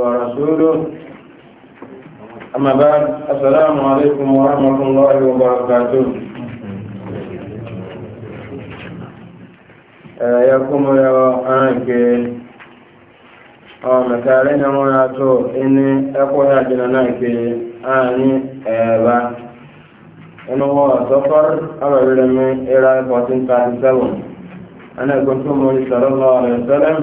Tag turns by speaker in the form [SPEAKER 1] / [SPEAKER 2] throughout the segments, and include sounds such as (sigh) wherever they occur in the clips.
[SPEAKER 1] ورسوله أما بعد السلام عليكم ورحمة الله وبركاته يقوم يا أنك ọmọ kẹrẹ ní wọn yà tó inú ẹkọ yà jìnnà náà ké àní ẹ̀ẹ́bá 1437 ẹnẹ́gbọ́n tó mọ̀ ìṣẹ̀lẹ̀ lọ́wọ́ rẹ̀ sẹ́lẹ̀mù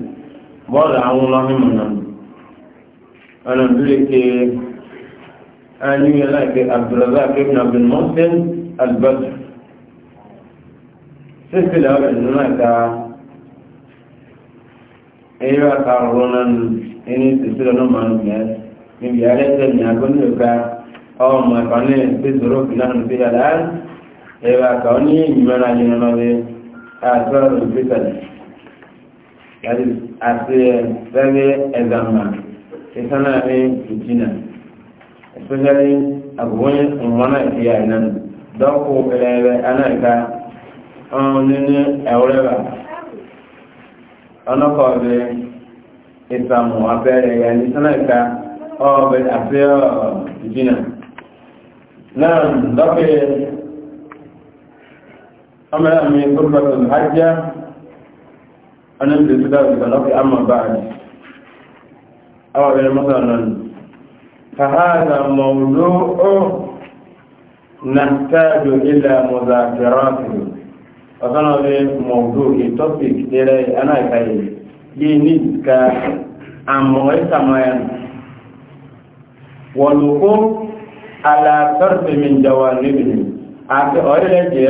[SPEAKER 1] bọ́ọ̀lù àwọn ọlọ́hìnmù náà ọ̀nà ìbílẹ̀ ke àníyàn láìpẹ́ abdulrazak ibn abdul mohsen albert sísìlẹ̀ ọ̀rẹ́ nínú àta ẹ̀yọ́ àta ọ̀rọ̀ náà ẹni sísìlẹ̀ náà máa ń gbẹ́ níbi àrẹ́sẹ̀ ní agbóhùn ìka ọmọ ìfànẹ́ ìpèsòrò fìlànà sí ẹ̀yọ́ àta ọ ní ìyìnbọn àti ẹ̀fẹ́rẹ́ ẹ̀dàmà ìsáná ní ìjìnà especially àgbóyìn ìmọ̀nà ìfìyà iná dọ́kù ẹ̀rẹ̀ anáìka ọ̀run nínú ẹ̀wọ́rẹ́wà ọ̀nàkọ̀ọ̀bẹ ìsàmù abẹ́rẹ́ ẹ̀yà ní sánáìka ọ̀bẹ̀ àti ìjìnà náà dọ́kù ọmọ ẹ̀mí gbọ́dọ̀ hajjá annabi da su da su salafi amma ba'adi awa bayan matsalan fa hada mawdu'u nahtaju ila muzakaratihi wa kana bi mawdu'i topic dere ana kai yini ka amoy samayan walukum ala tarfi min jawanibihi ati oyele je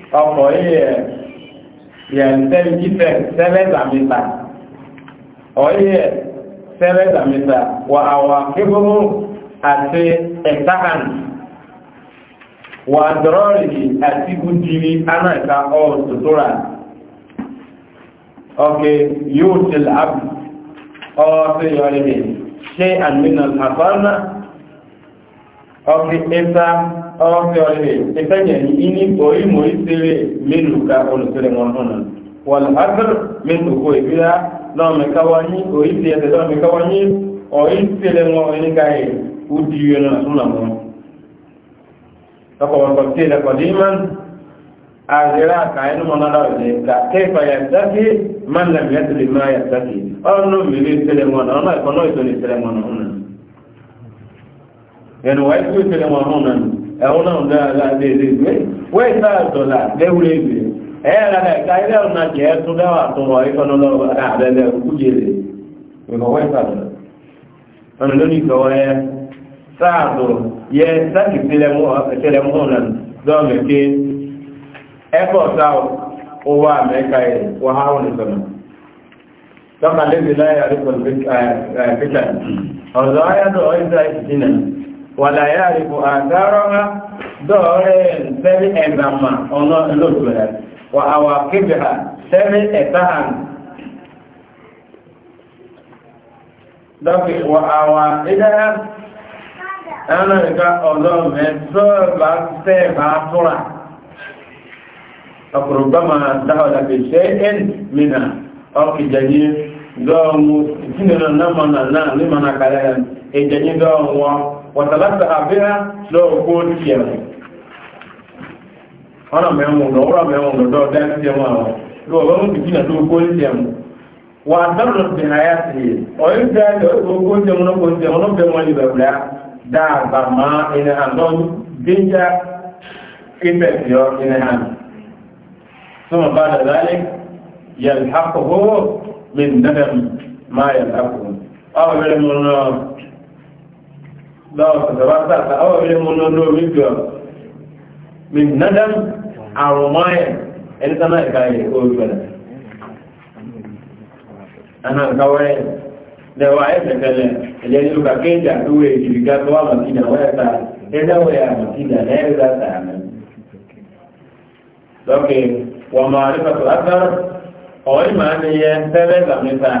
[SPEAKER 1] ọkọ̀ yìí yẹn sẹ́mi jífẹ̀ sẹ́lẹ̀ zàmìta ọ̀yí yẹ sẹ́lẹ̀ zàmìta wà àwà kébùrú àti ẹ̀tàhàn wà dọ́rọ̀rì àti gúdìrí anáìka ọ̀tùtùrà ọkẹ̀ yóò ti làbù ọ̀tù yọrí ṣe àmìnà àbáná ọkẹ̀ Okay ọ̀fẹ́ọ̀lẹ̀ ìfẹ́yẹ̀ni iní orí mọ̀ ìsẹ́rẹ̀ mélòó ka olùsẹ́rẹ̀ wọn hàn wọ́n hàbẹ̀rẹ̀ mélòó kó ìbílá lọ́mẹ̀káwáyí orí ti ẹ̀sẹ̀ lọ́mẹ̀káwáyí orí ìsẹ́rẹ̀ wọn oníkàyẹ̀ ó di yẹn náà súnà wọn. lọ́kọ̀ọ̀kọ̀ tí ẹ̀lẹ́kọ̀ dí mọ́ àjẹ́rà àkàyẹ́nu mọ́ náà rẹ̀ kà kẹfà yàtàkì mọ́lẹ̀mí ẹ̀sẹ̀ lè máa yàtàkì ọ̀nà mìíràn ìsẹ́rẹ̀ ẹnu wáyé tó ìṣẹ̀lẹ̀ wọn náà nànú ẹ̀hún náà dáadáa lè lè gbé wọ́n ìta àdọ̀là lẹ́wúlé gbé ẹ̀yẹ́ rẹ̀ ká ilé ọ̀nà jẹ́ tó dáwà tó wọ̀ ìfọ̀nà lọ́wọ́ àbẹ̀lẹ̀ kújèrè ìkọ̀wé ìfàdọ̀là ọ̀nà lónìí ìkọ̀wé sáàdù yẹ sáàkì ìṣẹ̀lẹ̀ wọn náà dọ́ọ̀mẹ̀ké ẹ̀kọ́ sáà owó àmẹ́ka ẹ̀ wọ́n á wọn ìsọ̀nà tọ́ka lẹ́bi láyé àríkọ̀ pẹ̀tà ọ̀dọ̀ ayádọ̀ ọ̀yẹ́dà ìdínà wàlá yà rí bu dọ́ọ̀rẹ́ sẹ́rí ẹ̀dàmà ọ̀nà lóṣùlẹ̀ wà àwà kébì ha sẹ́rí ẹ̀tàhàn dọ́kì wà àwà ìdáyà ẹ̀nà ìka ọ̀dọ́ mẹ́sọ́ọ̀bà sẹ́ẹ̀bà túnra ọkùnrin dáhọ̀dà fi ṣe ẹ́n dọ́ọ̀mù ìtìnìyàn náà mọ̀nà náà ní mọ̀nà dọ́ọ̀mù wọn wàtàlátà àbíhá lọ́ọ̀gbó tí ẹ̀ ọ̀nà mẹ́wọ̀n lọ́wọ́rọ̀ mẹ́wọ̀n lọ́dọ́ dáńtí ẹmọ́ àwọn lọ́wọ́ mú bìkínà tó kó tí ẹmọ́ wà dárò sí àyà sí ọ̀yìn dáńtí ọ̀gbó tí ẹmọ́ kó tí ẹmọ́ bẹ́ẹ̀ wọ́n lè bẹ̀rẹ̀ dáàbà máa ẹni àná gbéjà kíbẹ̀ sí ọ ẹni àná ثم بعد ذلك يلحقه من ندم ما يلحقه أو يلحقه lọ́ọ̀tọ̀dọ̀bátàtà ọwọ́bí múnú lórí gbọ́ mi nádám àrùmáyà ẹni tánà ìkáyẹ̀ orílẹ̀ ana kawai da wa ya tattala idan yi ka kai da duwe jirga zuwa makina waya ta ya dawo ya makina na ya za ta amin lọ́kè wọ́n máa rí pàtó látàrí ọ̀rí máa ní yẹ tẹ́lẹ̀ ìgbàmẹ́ta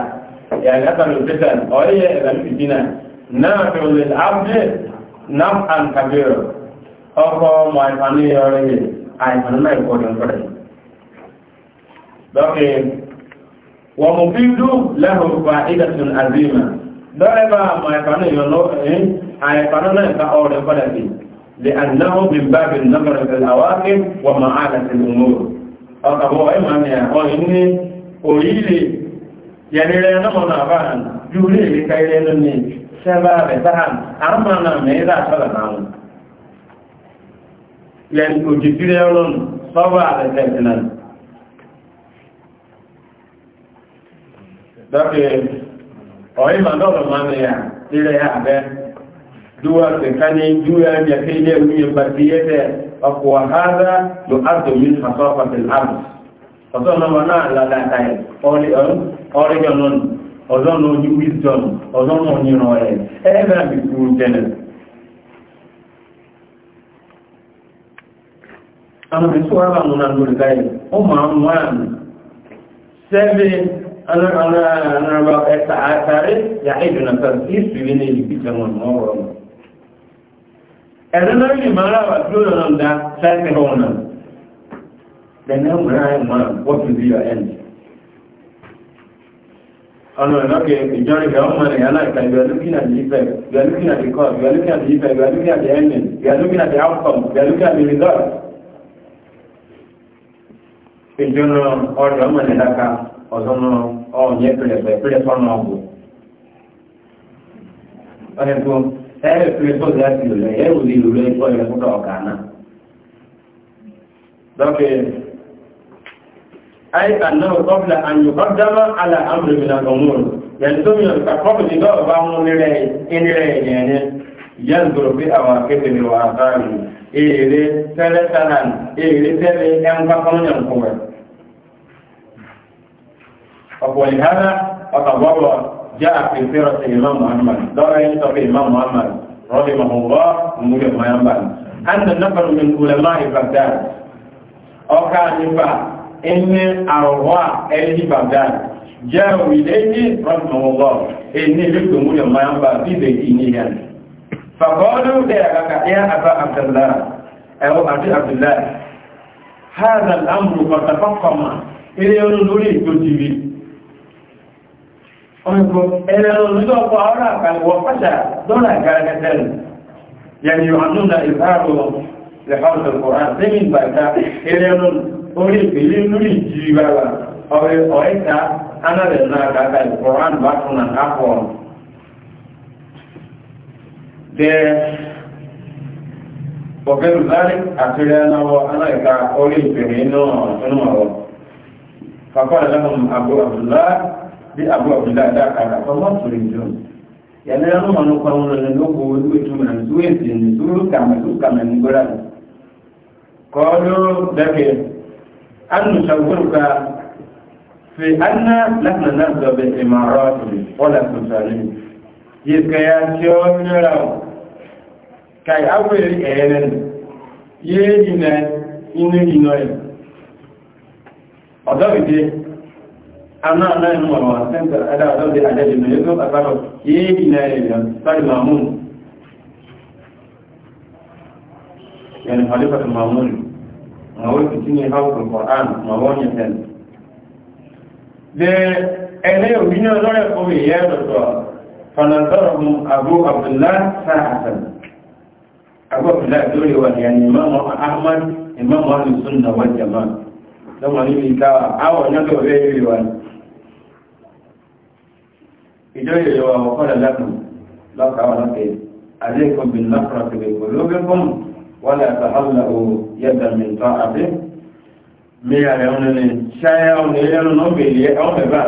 [SPEAKER 1] yàrá tàbí òṣèlú ọ̀rí yẹ ìgbàmẹ́ta náà lè ábẹ́ náà àn kàbírọ̀ ọkọ̀ ọmọ àìfàní ọrẹ́ àìfàní náà ìkọ̀dùn pẹ̀lẹ̀ lọ́kẹ́ wọ́n mú bí dú lẹ́hùnfà ìdàtún àzíma lọ́rẹ́bà àìfàní ìrọ̀lọ́ Yẹ̀rẹ̀rẹ̀ náà mọ̀nà àbáhàn, yóò lè rí ká ilé lónìí sẹ́bà rẹ̀ sáhàn àmàna mẹ́rà sọ́lá náà lẹ́nu òjìdílẹ̀ ọlọ́nù sọ́bà rẹ̀ tẹ̀sí náà dọ́kẹ̀ ọ̀yí mà dọ́lọ̀ máa nì yà ilẹ̀ yà bẹ́ duwa tsakani juya ya kai ne wuyin barci ya ta akuwa haza lo arzo min hasofa ọlọ́run oní wisdom ọlọ́run oníran ẹ̀ ẹ̀ẹ́bà bí kúrú jẹ́nà àwọn ìṣò wà wà múnà lórí báyìí ó máa ń wà ní sẹ́bẹ̀ alára ẹ̀ta na yà ìdùnà kan sí ìsìnlẹ̀ ní ìpìtẹ̀ wọn mọ́wọ́ ẹ̀rẹ́ rà wà lọ́nà dá sáìkì rọ̀ náà lẹ́nà mìíràn máa wọ́pù sí your end ọ̀nà ìlọ́kẹ̀ ìjọ́rí gọ́ọ̀mọ̀nì aláìka you are looking at the effect you are looking at the cause you are looking at the effect you are looking at the ending you are looking at the outcome you are looking at the result. ìjọ́nà ọ̀dọ̀ ọmọdé láka ọ̀dọ́nà ọ̀hún yẹn pẹ̀lẹ́pẹ̀ pẹ̀lẹ́ fọ́nà ọ̀gbọ̀. ọ̀hẹ́ tó ẹ̀rẹ́ pẹ̀lẹ́ tó láti lò lẹ́yìn ẹ̀rù ni lò lẹ́yìn fọ́ أي أنه قبل أن يقدم على أمر من الأمور يلزم يتقبل بعض من إليه ينظر في أواقفه وآثاره إيه ثلاثة إيه ثلاثة أنفقهم ينقوى ولهذا أتضرر جاء في سيرة الإمام محمد دار ينصف الإمام محمد رحمه الله ومجد ما ينبغي أن نفر من علماء بغداد أو كان ينفع ẹni àrọ̀wà ẹni bàdán jẹ́ òwìdé ní rọ́nàmọ́wọ́ ẹni lẹ́gbẹ̀mú máa ń bá bíbẹ̀ ìníyàn fàkọ́ọ́lù dẹ̀ àkàkàyà àbá abdullahi ẹ̀wọ́ àti abdullahi hàzà lámùrù kọ̀tàkọ́kọ̀mà ilé orí ìpèlé lórí ìjì ọ̀rẹ́ ọ̀ẹ́ta anábẹ̀ náà kàkà ìkọ̀rán bá tún nà kápọ̀ bẹ́ ọ̀gẹ́rù lárí àtúrẹ́ náwọ́ anáyẹ̀ká orí ìpèlé náà nínú ọ̀rọ̀ dẹ́kẹ̀ẹ́ أن نشوفك في أن نحن نبدأ بالإمارات ولا تسالين يسكياتيون يرون كي أول إيرن يجينا إنه ينوي أضافي àmà náà inú àwọn àṣẹ́ntà adáàdọ́dẹ̀ àjẹ́jìnà yóò tó àpárọ̀ yìí ìnà èèyàn sáré mahmoud yẹni khalifa mahmoud mawai su ne haukun ƙoran mawai ya fẹ́ de ẹni òbí ní ọlọ́rẹ̀ fún ìyẹ́ ẹ̀dọ̀tọ̀ fanazọ́rọ̀mù abu abdullahi sa'asan abu abdullahi lórí wà ní ẹni imamu ahmad imamu alisun na wal jama lọ́wọ́ ní ìtawa awọ̀ nyọ́dọ̀ rẹ̀ yìí wà ìjọ ìrẹ̀wà mọ̀kọ́lẹ̀ lẹ́kùn lọ́kàwà lọ́kẹ̀ àdékùn bin lọ́kùnrin gbogbo lóbi fún wọ́n àti àhàlàwò yẹ́dà mìíràn àbí mìíràn rẹ̀ wọn ni ṣáyà ọ̀nà ẹ̀rọ náà bèèrè ẹ̀wọ̀n bẹ̀bẹ̀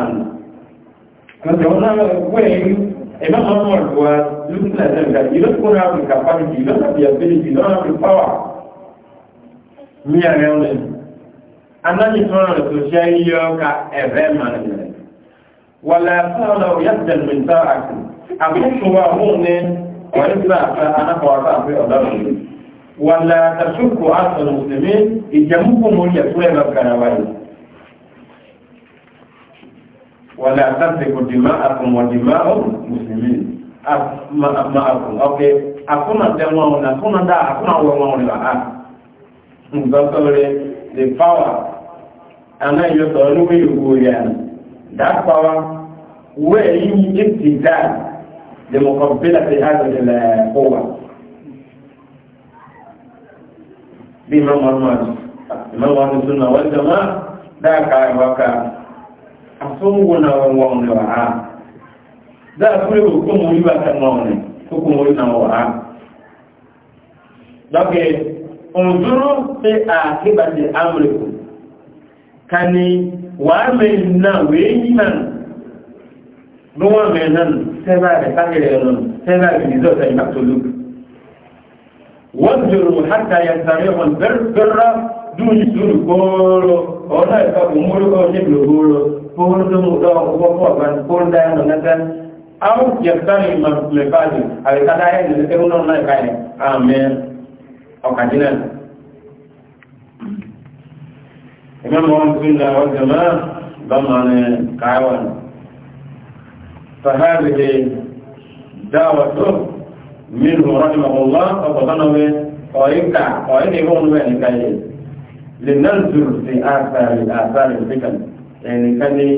[SPEAKER 1] àná kọ́sẹ̀ wọn náà wẹ́ ẹ̀mẹ́ ọmọ ọ̀dùwà lùkùnlẹ̀ ẹ̀dà ìlọ́kùnrin áfíríkà pàtàkì ìlọ́kàbí àbẹ́lẹ̀bì lọ́nà fi pàwà mìíràn rẹ̀ wọn ni anájì tọ́rọ̀ tó ṣe yíyọ ka ẹ̀rẹ́ mànìyàn wọ́n láti àhàlàwò yẹ́dà mìíràn àbí àbí wàlá tàṣùkù àṣàrò òṣèlú ìjẹmúkù mórí ẹ̀kú ẹ̀rọ karawáyé wàlá tàṣùkù dìmá àkùnwọ̀ dìmá ọ̀rùn mùsùlùmí àkùn ọ̀kẹ́ àkúnàtẹ̀wọ̀n ọ̀nà àkúnàdá àkúnàwọ̀wọ̀n ọ̀rẹ́ wà á nǹkan sọ́rẹ́ the power ana yi sọ lórí ìgbòyà dápàwà wẹ́ẹ̀ yìí ètì dáa democrat bílá ti hàzẹ̀ lẹ́ẹ̀kọ́wà bí imam ahmad imam ahmad sunna wal jamaa da ka a asungu na wanwa ne wa ha da kure ko mu yi ba ta ma ne ko ko yi na wa ha dake unzuru fi akibati amrikum kani wa men na we yi man no wa men nan sai ba da kake da nan sai ba da zo sai وانجروا حتى يستريحوا البر بر دون سور كورو ولا يفقوا مرقوا شبل كورو فورتم دعوا وقوة فورتم دعوا نتن au yaftari maslefati awekada ye nilekeuno naye kaye amen okajinani imam wansunna waljamaa bamane minhu rahimahullah ọ̀pọ̀tánà wẹ ọ̀yíkà ọ̀yíkà ìwọ̀n wẹ̀ nìkan yẹ lè náà zùrù sí àtàrí àtàrí fíkan ẹnìkan ní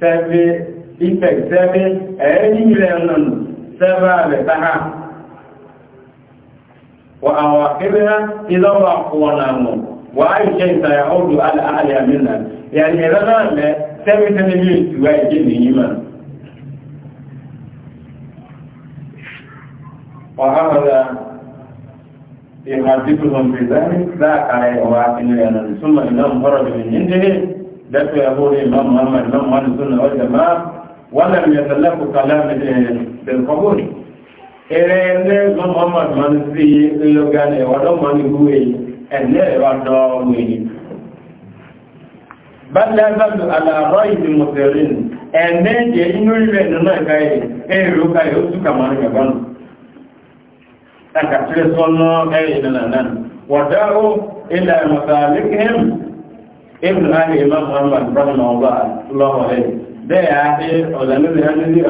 [SPEAKER 1] sẹ́fí ìfẹ̀ sẹ́fí ẹ̀ẹ́dì ilẹ̀ ọ̀nà sẹ́fà rẹ̀ táhà wà àwọn akébẹ́rẹ́ ìlọ́wọ́ àkọwọ́n náà mọ̀ wà á ìṣe ìtàyà ọdún alẹ́ àlẹ́ àmì náà yà ní ẹ̀rọ náà lẹ́ sẹ́fí sẹ́fí bí ìtura ìdí nìyí mọ̀ وعمل يحدثهم بذلك ذاك عليه وعاقل يعني ثم إنهم خرجوا من عنده دفع يقول الإمام محمد الإمام أهل السنة والجماعة ولم يتلف كلام بالقبول إلى الإمام محمد من في اللغان ولو من هو أن يرضى بل لا بل على رأي المسيرين أن يجي إنه يبين أنه كاي إيه لو كاي يوسف كمان يبانه أكثر صلى أيننا ودعوا إلى مسالكهم ابن أهل إمام محمد رحمه الله الله عليه ده يعني أولاني لأنني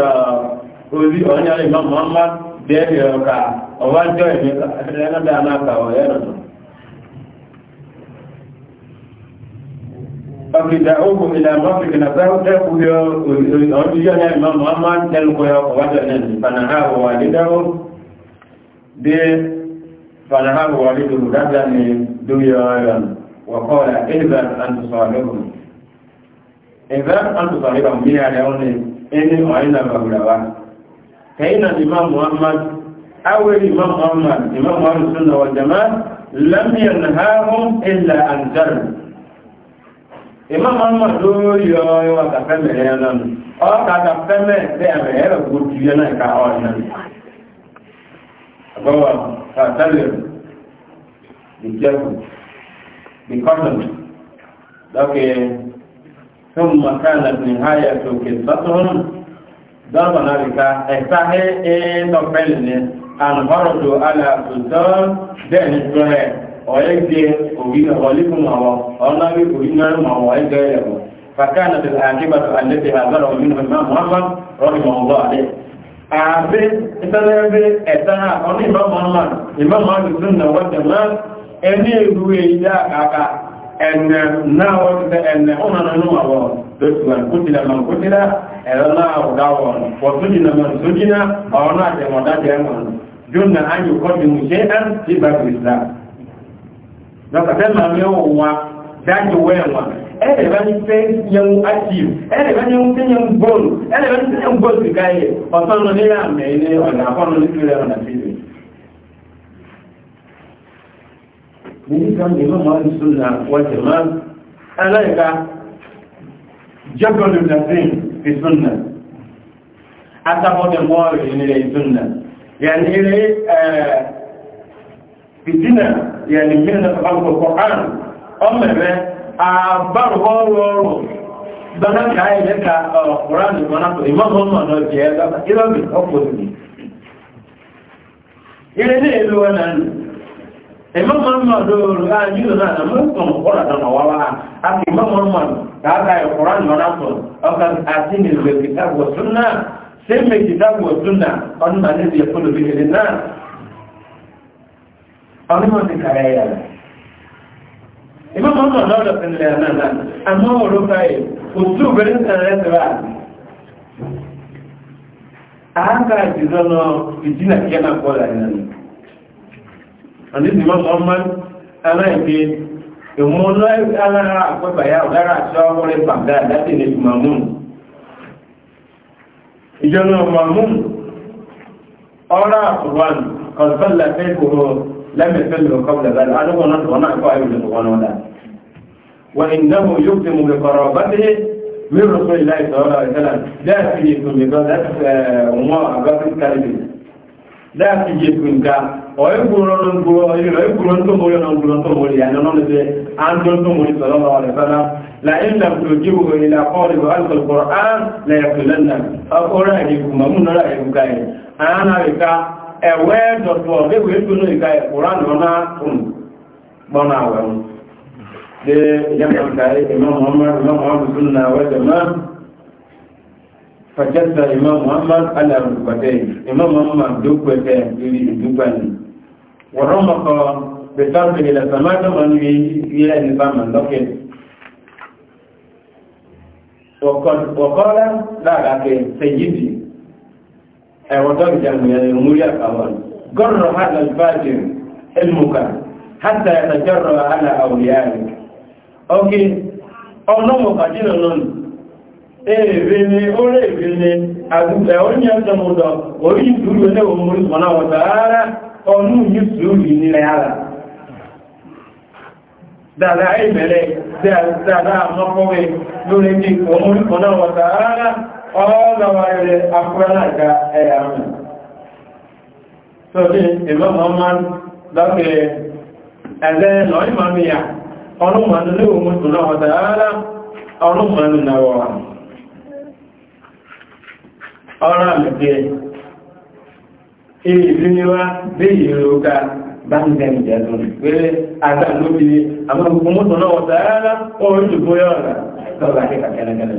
[SPEAKER 1] أولي أولي إمام محمد ده يوكا أول جوي أنا ده أنا كاوي فبدعوه إلى مصر نفسه تأخذ أولي إمام محمد تلقى وجنا فنهاه والده دي فنهاه والده نزلا من دنيا وقال اذا ان تصاحبهم اذا ان تصاحبهم بها لون اني اعين مولاه فان الامام محمد او الامام محمد امام اهل السنه والجماعه لم ينهاهم الا ان جروا imam ahmad ló yọ ọyọ àtàfẹ́mẹ̀ẹ́ náà ọ́ kàtàfẹ́mẹ̀ẹ́ bẹ́ẹ̀ mẹ́ẹ̀ẹ́rẹ̀ kò jù yẹ náà ká ọ̀nà Go and uh, tell him, be careful, be cautious. Okay. ثم كانت نهاية قصتهم ضربنا بك احتاج انه فعلا ان خرجوا على سلطان دين الجهل ويجدي وبين غالبهم هو أنا بقولين ما هو فكانت العاقبة التي هاجرهم منه الإمام محمد رحمه الله عليه àbí ìtẹ́lẹ́rẹ́ ẹ̀ta ọ̀nà ìmọ̀mọ̀lá ìmọ̀mọ̀lùsùnà wọ́tẹ̀lá ẹni ìlú èyíyá àkàkà ẹ̀nà náà wọ́n ti ẹ̀nà ọ̀nà náà wọ̀ lóṣùwọ̀n kútìlẹ̀ mọ̀ kútìlẹ̀ ẹ̀rọ náà ọ̀dáwọ̀ fọ̀túnjìnà mọ̀ sójínà ọ̀nà àjẹmọ̀dájẹ́ wọn jónà ayò kọ́bí mú ṣe án sí bàbá ìsìlá lọ́kàtẹ́ màmí ó wà dájú wẹ́wọ̀n ẹ̀rẹ̀bẹ̀ni fẹ́ yẹn ájìl ẹ̀rẹ̀bẹ̀ni ń fẹ́ yẹn bọ́ọ̀lù ẹ̀rẹ̀bẹ̀ni fẹ́ yẹn bọ́ọ̀lù káyẹ̀ na ní àmẹ́ ilé ọ̀nà n'a ní ìrẹ̀ ọ̀nà fílẹ̀ nígbà mímọ́ mọ́ n'a wọ́n ti máa aláìka jẹ́gọ́lù nàfíìn ìṣúná atábọ́dẹ̀ mọ́ọ̀rì ilẹ̀ ìṣúná àbárùkọ́ rọrùn gbọ́nà káyẹ̀ lẹ́ka ọ̀rán ìmọ̀nàtò ìmọ̀mọ̀mọ̀ náà jẹ́ ẹgbẹ́ ìrọ̀bì ọkọ̀ òní ilé ní ìlú wọn náà ìmọ̀mọ̀mọ̀ lóòrùn láàájú náà nà mọ́sùn ọ̀rọ̀ àdánà wà wá àti ìmọ̀mọ̀mọ̀ Imam Ahmad náà lọ́sẹ̀ ní ẹ̀rọ náà àmọ́ òru káyè òtú obìnrin sàn rẹ̀ sọ̀rọ̀ à. Àáká ìjìzọ́ náà ìjìnà kí ẹ̀nà kọ́ là nínú. Àní ti Imam Ahmad aláìké ìmú náà alára àpẹ́bàyà ọ̀gára àti ọkùnrin bàgá láti ní Mamun. Ìjọ náà Mamun ọ̀rá àtùwàn kọ̀ọ̀sán làfẹ́ لم يكملوا قبل ذلك أنا أقول أنت وأنا أقول أيضا سبحانه وتعالى وإنه يقدم بقرابته من رسول الله صلى الله عليه وسلم لا تجيكم بقرابة وما أقابل كلمة لا تجيكم كا ويقولون يقولون تمولي ويقولون تمولي يعني نقول أنتم تمولي صلى الله عليه وسلم لئن لم تجيبه إلى قارب ألف القرآن لا يقولن أقول أجيكم ممن رأيكم كاين أنا بك ẹ̀wẹ́ dọ̀tọ̀ léwé dúnú ìka ìkùránù náà tún gbọ́nà àwẹ̀ wọn lè yàmàkà imam muhammad imam muhammad sunna wẹ́dẹ̀ máa imam muhammad alàrùkọ̀tẹ̀ imam muhammad dókòtẹ̀ lórí ìdúgbàní wọ̀rọ̀ mọ̀kọ̀ bẹ̀tàbí ilẹ̀ sàmádọ́mọ̀ ní ilẹ̀ nípa mọ̀lọ́kẹ̀ wọ̀kọ́ lára kẹ̀ ẹ̀wọ̀n tó bìjà mi ẹ̀yẹ múrí àkàwọn gọ́rọ̀ hàlà ìbájìn ẹlmùkà hàtà ìtàjọ́rọ̀ hàlà àwòyáàrí ọkí ọlọ́mọ̀kà jìnà lọ́nà èèrè ni ó rẹ̀ èèrè ni àgbẹ̀ oúnjẹ ọdọmọdọ orí ìdúró ẹlẹ́ òmúrí mọ̀nà wọ̀tà ara ọnú yìí sùúrù ní ara dáadáa ìbẹ̀rẹ̀ dáadáa mọ́kọ́wé lórí ní òmúrí mọ̀nà wọ̀tà ara ọlọ́wọ́rẹ́ afúrálága ẹ̀yà mẹ́ tó ní ìmọ́mọ́ máa ń lọ́pẹ̀ ẹ̀lẹ́ lọ́ìmọ̀míyà ọlọ́mọ̀nù ní òmùsùn náà wọ́n tààrà ọlọ́mọ̀nù náà wọ́n ọ̀rọ̀ àmìdíẹ̀ ìrìnwá bí ìròga bá ń gẹ̀ ìjẹ̀dùn pé àgbà lóbi àwọn òmùsùn náà wọ́n tààrà orí ìgbóyọ̀ rẹ̀ tọ́lá kí kàkẹ́lẹ́kẹ́lẹ́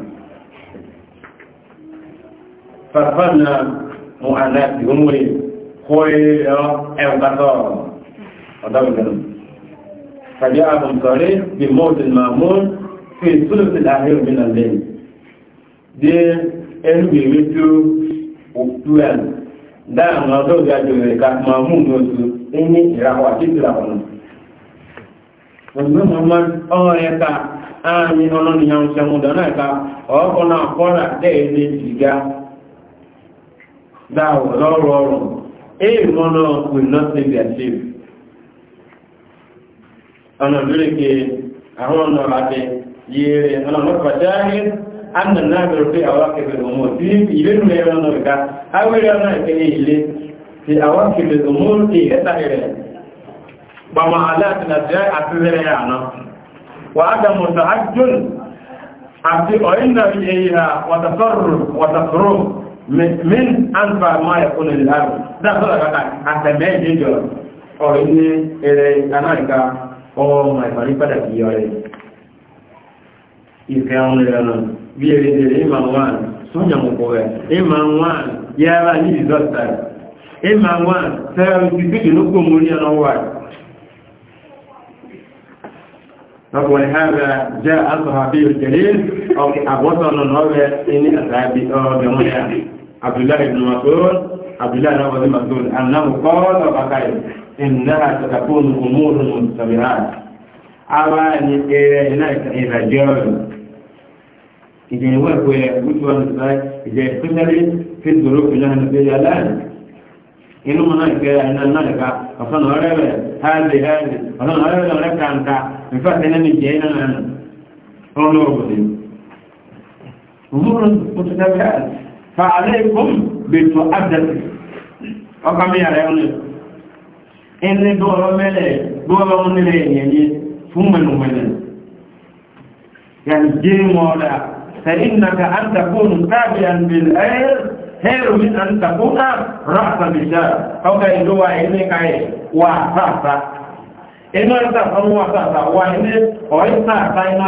[SPEAKER 1] فرفضنا معاناة أمور خويل أعبطار ودولا فجاءهم صريح بموت المأمون في ثلث الأخير من الليل دي ẹnu gbèrè tó òkú ẹ̀ dáàmù ọdọ́ ìdájọ́ rẹ̀ ká máa mú ní oṣù ní ìràwọ̀ àti ìràwọ̀ náà ọ̀gbẹ́ mọ̀mọ́ ọ̀rọ̀ ẹ̀ ká ààrin ọlọ́nìyàn ṣẹ̀mùdọ̀ náà ká ọ̀ọ́kọ́ náà kọ́ra dẹ́ẹ̀ẹ́dẹ́ ìgbà that was all wrong. A monarch will not save their sheep. Ọ̀nà lóríkè àwọn ọ̀nà àti yìí ọ̀nà mọ́kànláyé annan náà bẹ̀rẹ̀ pé àwọn akẹ̀bẹ̀ ọmọ tí ilé nù ẹran náà ká awẹ́rẹ́ ọ̀nà ìkẹyẹ ilé ti àwọn akẹ̀bẹ̀ ọmọ tí ẹ̀ta rẹ̀ gbọmọ aláàtì àti àtìlẹ́rẹ̀ àná wà á dàmọ̀ sàájún àti ọ̀yìn náà yẹ ìhà wàtàtọ̀rọ̀ min alfa ma ya kuna lilaru da sọ́rọ̀ kaka àtẹ̀mẹ́ ìjọ ọ̀rọ̀ ilé eré anáìka ọmọ ìfàní padà kì yọ rẹ̀ ìfẹ́ ma rẹ̀ nù bí eré eré ìmà wọn sọ́nyà mọ̀kọ̀ rẹ̀ ìmà wọn yára ní ìzọ́ta ìmà wọn sẹ́rọ̀ ti gbígbì ló kó mú rí ọ̀nà wà ولهذا جاء الصحابي الجليل أو أبوصل النور إني عبد الله بن مسعود عبد الله بن مسعود أنه قال وقال إنها ستكون أمور مستمرات أوان إليك إذا جاء إذا يوقف ويقول إذا يقتل في الظروف اللي نحن فيها الآن إنه هناك إن هناك أصلا هرب هذه هذه أصلا هرب هناك أنت بفتح إن جينا أنا أمور مستمرات فعليكم بالمؤدة ọkàmí ààrẹ ọ̀nà ẹni dọ́ọ̀rọ̀ mẹ́lẹ̀ dọ́ọ̀rọ̀ onílẹ̀ ẹ̀yẹ̀yẹ fún mẹ́lùmẹ́lẹ̀ yàrí jẹ́ mọ́ọ̀lá فإنك أن تكون تابعا بالأير خير من أن تكون رأسا بالشارع فوق يدوى إليك وأساسا إنه أنت فهو أساسا وإنه أساسا إنه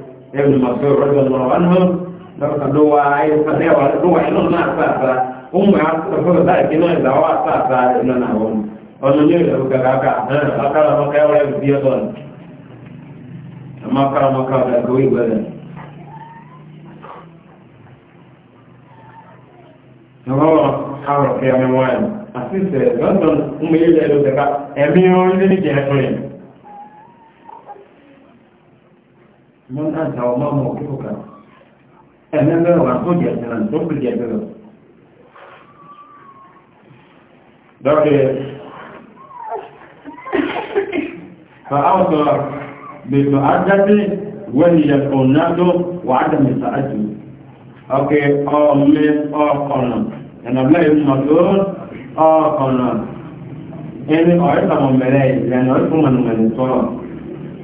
[SPEAKER 1] ابن مسعود رضي الله عنه لو عايز فتاوى لو احنا ما اساسا هم يعرفوا ذلك انه اذا هو اساسا اننا هم ọdún ní ìlú kàkàkà akara maka ẹwà ẹbí bí ẹbọ ni ọmọ akara maka ọdún ẹkọ ìwé rẹ ọwọ́ àrùn kí ẹmí wáyé àti ìṣẹ̀lẹ̀ lọ́dún mú ilé ìlú kàkà ẹ̀mí ọ̀rún ní ìjẹ́ ẹ̀tọ́ من أنت وما موقفك أنا ما وعطوا جدنا نطلب بالجدنا ذلك فأوصى بالمؤدب وهي الأناد وعدم التأدب أوكي أمين أقنا أنا بلا يوم مسؤول أقنا إني أعطى من ملايين لأن أعطى من ملايين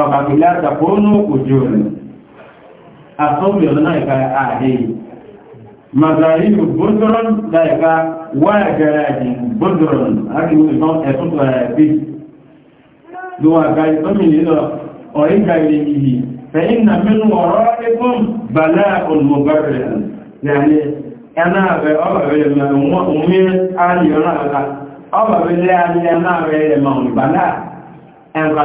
[SPEAKER 1] ọ̀gbàmìlá tàbónú òjò rẹ̀ àtọ́bìọ̀ láìka àdéyì mazari bọ́dọ̀rọ̀n láìka wáyà gẹ́rẹ́jì bọ́dọ̀rọ̀n láti ìfọ́n ẹ̀fún tọ̀rẹ̀ Lọ́wọ́ ga ìtọ́mìnì lọ, ọ̀rí ga ilé yìí, fẹ̀yìn na mẹ́nu ma, ẹgbọ́n bàlá olùmọ̀gbẹ̀rẹ̀ yàní ẹ̀nà àbẹ̀ ọbàbẹ̀ mẹ́rin ma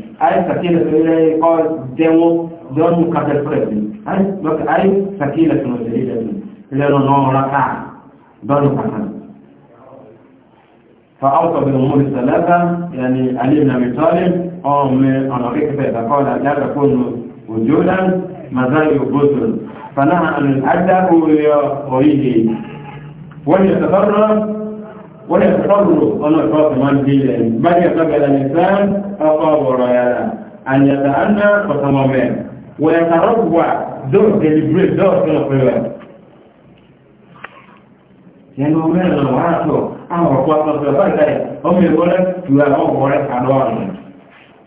[SPEAKER 1] أي ثقيلة إليه قال دمو دمو قد القبل أي لك أي ثقيلة لأنه نوم ركع دمو قد فأوصى بالأمور الثلاثة يعني علي بن أبي طالب أو من أنقيك فإذا قال لا تكون وجودا مزايا الغسل فنهى أن الأدب ويهي وهي تفرغ والإفراد أنا إفراد من ديلا من يقبل الإنسان أقاب رايانا أن يتأنى فتماما ويتروع دور ديليبريت دور كنفريوان yẹnu ọmọ ẹ̀rọ wà á sọ àwọn ọ̀pọ̀ àpapọ̀ báyìí ọmọ ìgbọ́lẹ̀ tí wà ọmọ ọ̀rẹ́ àdọ́ àrùn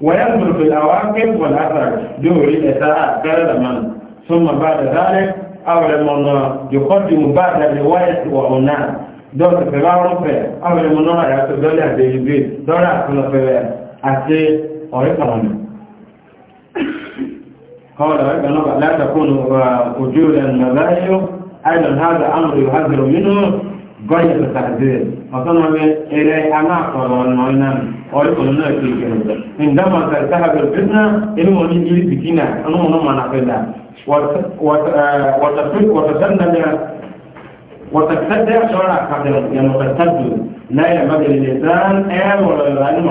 [SPEAKER 1] wọ́n yẹ́ mọ̀lùfẹ́ àwọn akẹ́kọ̀ọ́ látàrí lórí ẹ̀ta àtẹ́rẹ́ lẹ́mọ̀nù ثم بعد ذلك أولم الله يقدم بعد الرواية وعناه dọ́ọ̀tù pẹ̀lú arúfẹ́ àwọn ẹmọ náà yàtọ̀ dọ́lẹ̀ àti ìgbé dọ́lẹ̀ àkọlọpẹ̀rẹ̀ àti ọ̀rẹ́ kàmọ̀nì kọ́ọ̀lọ̀ ẹgbẹ̀ náà látàkùn ojú rẹ̀ nàzáyọ́ àìdàn hádà àmì ìhàzìrò nínú gọ́yẹ̀ tàzíẹ̀ ọ̀sánwọ́n eré aláàkọ̀ọ̀rọ̀ ọ̀nà iná ọ̀rẹ́kùnrin náà kí ìgbẹ̀rẹ̀ ìdámọ̀ tàbí fitna inú wọn ní ìrìsìkínà ọ̀nà wọn mọ̀ nàfẹ́dà wọ̀tàfẹ́ wọ̀tàfẹ́ وتكتد شرع قدر يعني تكتد لا ينبغي الإنسان أن ولا العلم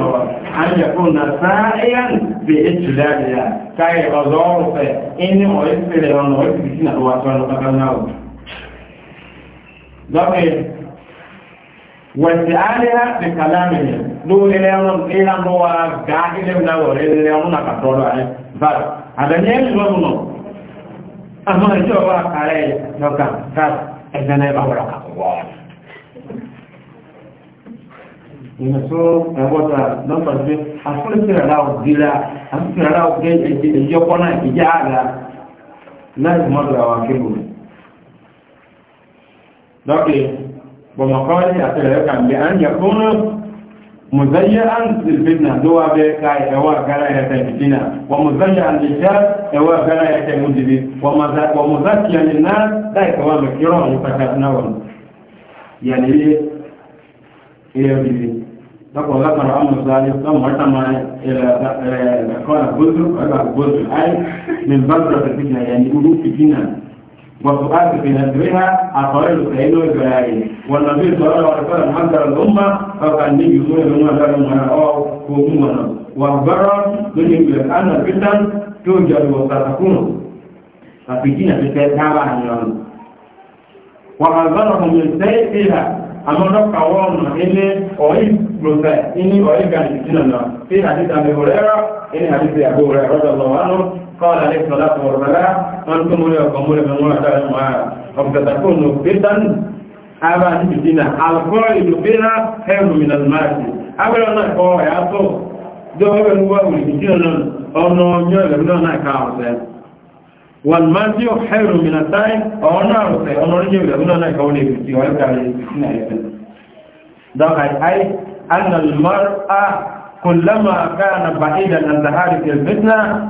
[SPEAKER 1] أن يكون ساعيا في إجلالها كي غزور فإن أعرف لأن أعرف بسنة وأسوان وقفلناه ضمن وسألها بكلامه دون إليهم إلى هو من لنا وإليهم نكتر عليه بل هذا نعم أما الجواب عليه نكتر ẹgbẹ́nẹ́ bàbára kàwọ́ ìmọ̀ tó ẹgbọ́ta nọ́mbà tó àfúnlẹ̀ fìràrà òdìlà àti fìràrà òkè ìjọpọ̀ náà ìjà àgà láti mọ́dọ̀ àwọn akébù lọ́kì bọ̀mọ̀kọ́ ní àtẹ̀lẹ̀ kan bí a ń yẹ fún náà مزيئا للفتنة دوا بك ايوا كلا يتفتنا ومزيئا للشاب ايوا كلا يتمجدي ومزكيا للناس ذلك هو مكيرون يتكتنون يعني ايه ايه دي Dako za kara عم zali don wata ma الى gudu, aka gudu, بوزو اي من بدر fitina, يعني يقولوا fitina, وتؤدي في نذرها عقائد التهيئ والبلاء والنبي صلى الله عليه وسلم حذر الامه فوق فكان يقول لهم لهم او هجومنا واخبر بهم بان الفتن توجد وستكون ففي في ففتنة تتابع اليوم وحذرهم من سيء أما نبقى وهم إني أعيد بلوثاء إني أعيد عن يعني الفتنة في حديث أبي هريرة ان حديث أبي هريرة رضي الله عنه قال عليه الصلاة والسلام أنتم لكم لكم لكم فقد تكون فتن أبان نبتنا القائد بنا خير من الماشي أبا لنا قوة يا أطو دو أبا نبوه لكتنا أنا نعلم لنا كعرسة والماشي خير من التاين أنا عرسة أنا نجيب لنا كعرسة لكتنا ولكتنا دقائق أي أن المرأة كلما كان بعيدا عن ظهار الفتنة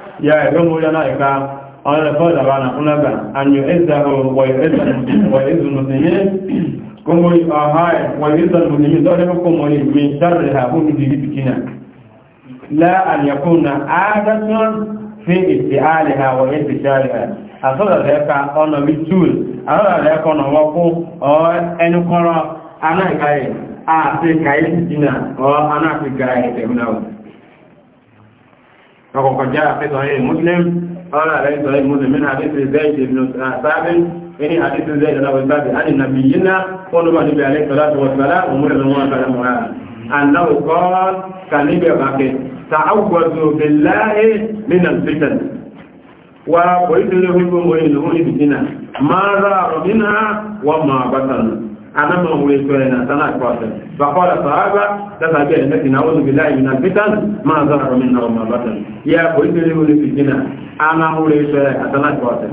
[SPEAKER 1] ya ebe mura na ika ọ̀rọ̀ ẹ̀fọ́ ìdàbà na ọlọ́gbà àyò ẹ̀sà ọ̀wọ̀ ẹ̀sà àtọ́lọ̀lẹ́ ẹ̀ka ọ̀nà bí túùl àtọ́lọ̀lẹ́ ẹ̀ka ọ̀nà wọ́kún ọ̀ ẹnukọ́rọ̀ anáìkáyẹ̀ àti kàíkì jìnà ọ̀ anáàfikà ẹ̀tẹ̀mìnà وقد جاء في صحيح مسلم قال عليه صحيح مسلم من حديث زيد بن ثابت إني حديث زيد بن أبي ثابت عن نبينا قال ما النبي عليه الصلاة والسلام أمور الله تعالى معاذ أنه قال كان باقي تعوذوا بالله من الفتن وقلت له المؤمنون بفتنة ما ظهر منها وما بطن أمام أولئكنا سنة قاتل فقال الصحابة تسابع التي نعوذ بالله من الفتن ما ظهر منا وما بطن يا قلت له لفتنة أمام أولئكنا سنة قاتل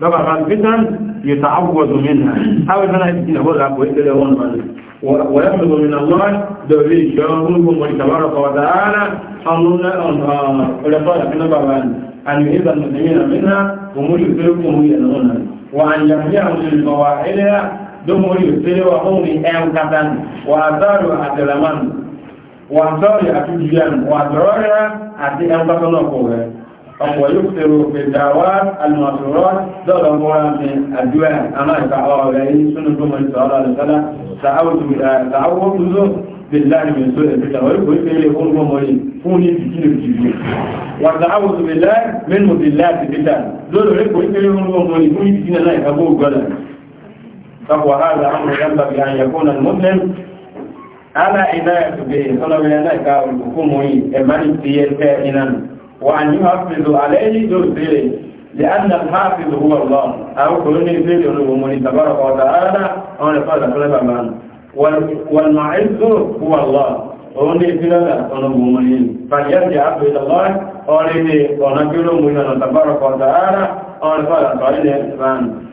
[SPEAKER 1] لقد الفتن يتعوذ منها أو سنة الفتنة هو الأب قلت له ونمال ويطلب من الله دولي شاهدهم وتبارك وتعالى أننا أولئكنا في نبابان أن يهب المسلمين منها ومجد فيكم ويأنونها وأن يرجعوا للمواحلها domori òtẹ́lẹ̀ wa omi ẹnkatan wà àtọ́rọ̀ àtẹ̀lámánu wà àtọ́rọ̀ àti julian wà àtọ́rọ̀ àti ẹnkatan ọkọ̀ rẹ̀ ọkọ̀ yóò tẹ̀rọ pẹ̀tàwà alùmọ̀sọ̀rọ̀ dọ́lọ̀ mọ́ra mi àdúrà amáìka ọ̀rẹ́ yìí súnú tó mọ̀ sọ́ọ́lá lọ́sọ́lá sàáwọ́ tuzo بالله من سوء الفتن ويقول لي يقول لهم ويقولني بكل الجبيل وتعوذ بالله من مضلات الفتن دول يقول لي يقول لهم ويقولني بكل الجبيل لا يقول قدر فهو هذا أمر ينبغي أن يكون المسلم على عناية به طلب يناك الحكومة من كائنا وأن يحفظ عليه جزئه لأن الحافظ هو الله أو كلني سيدي الأمور تبارك وتعالى أو قال طلب من والمعز هو الله أولي فلالا أنه فليرجع إلى الله أولي ونكل من تبارك وتعالى أو قال طلب من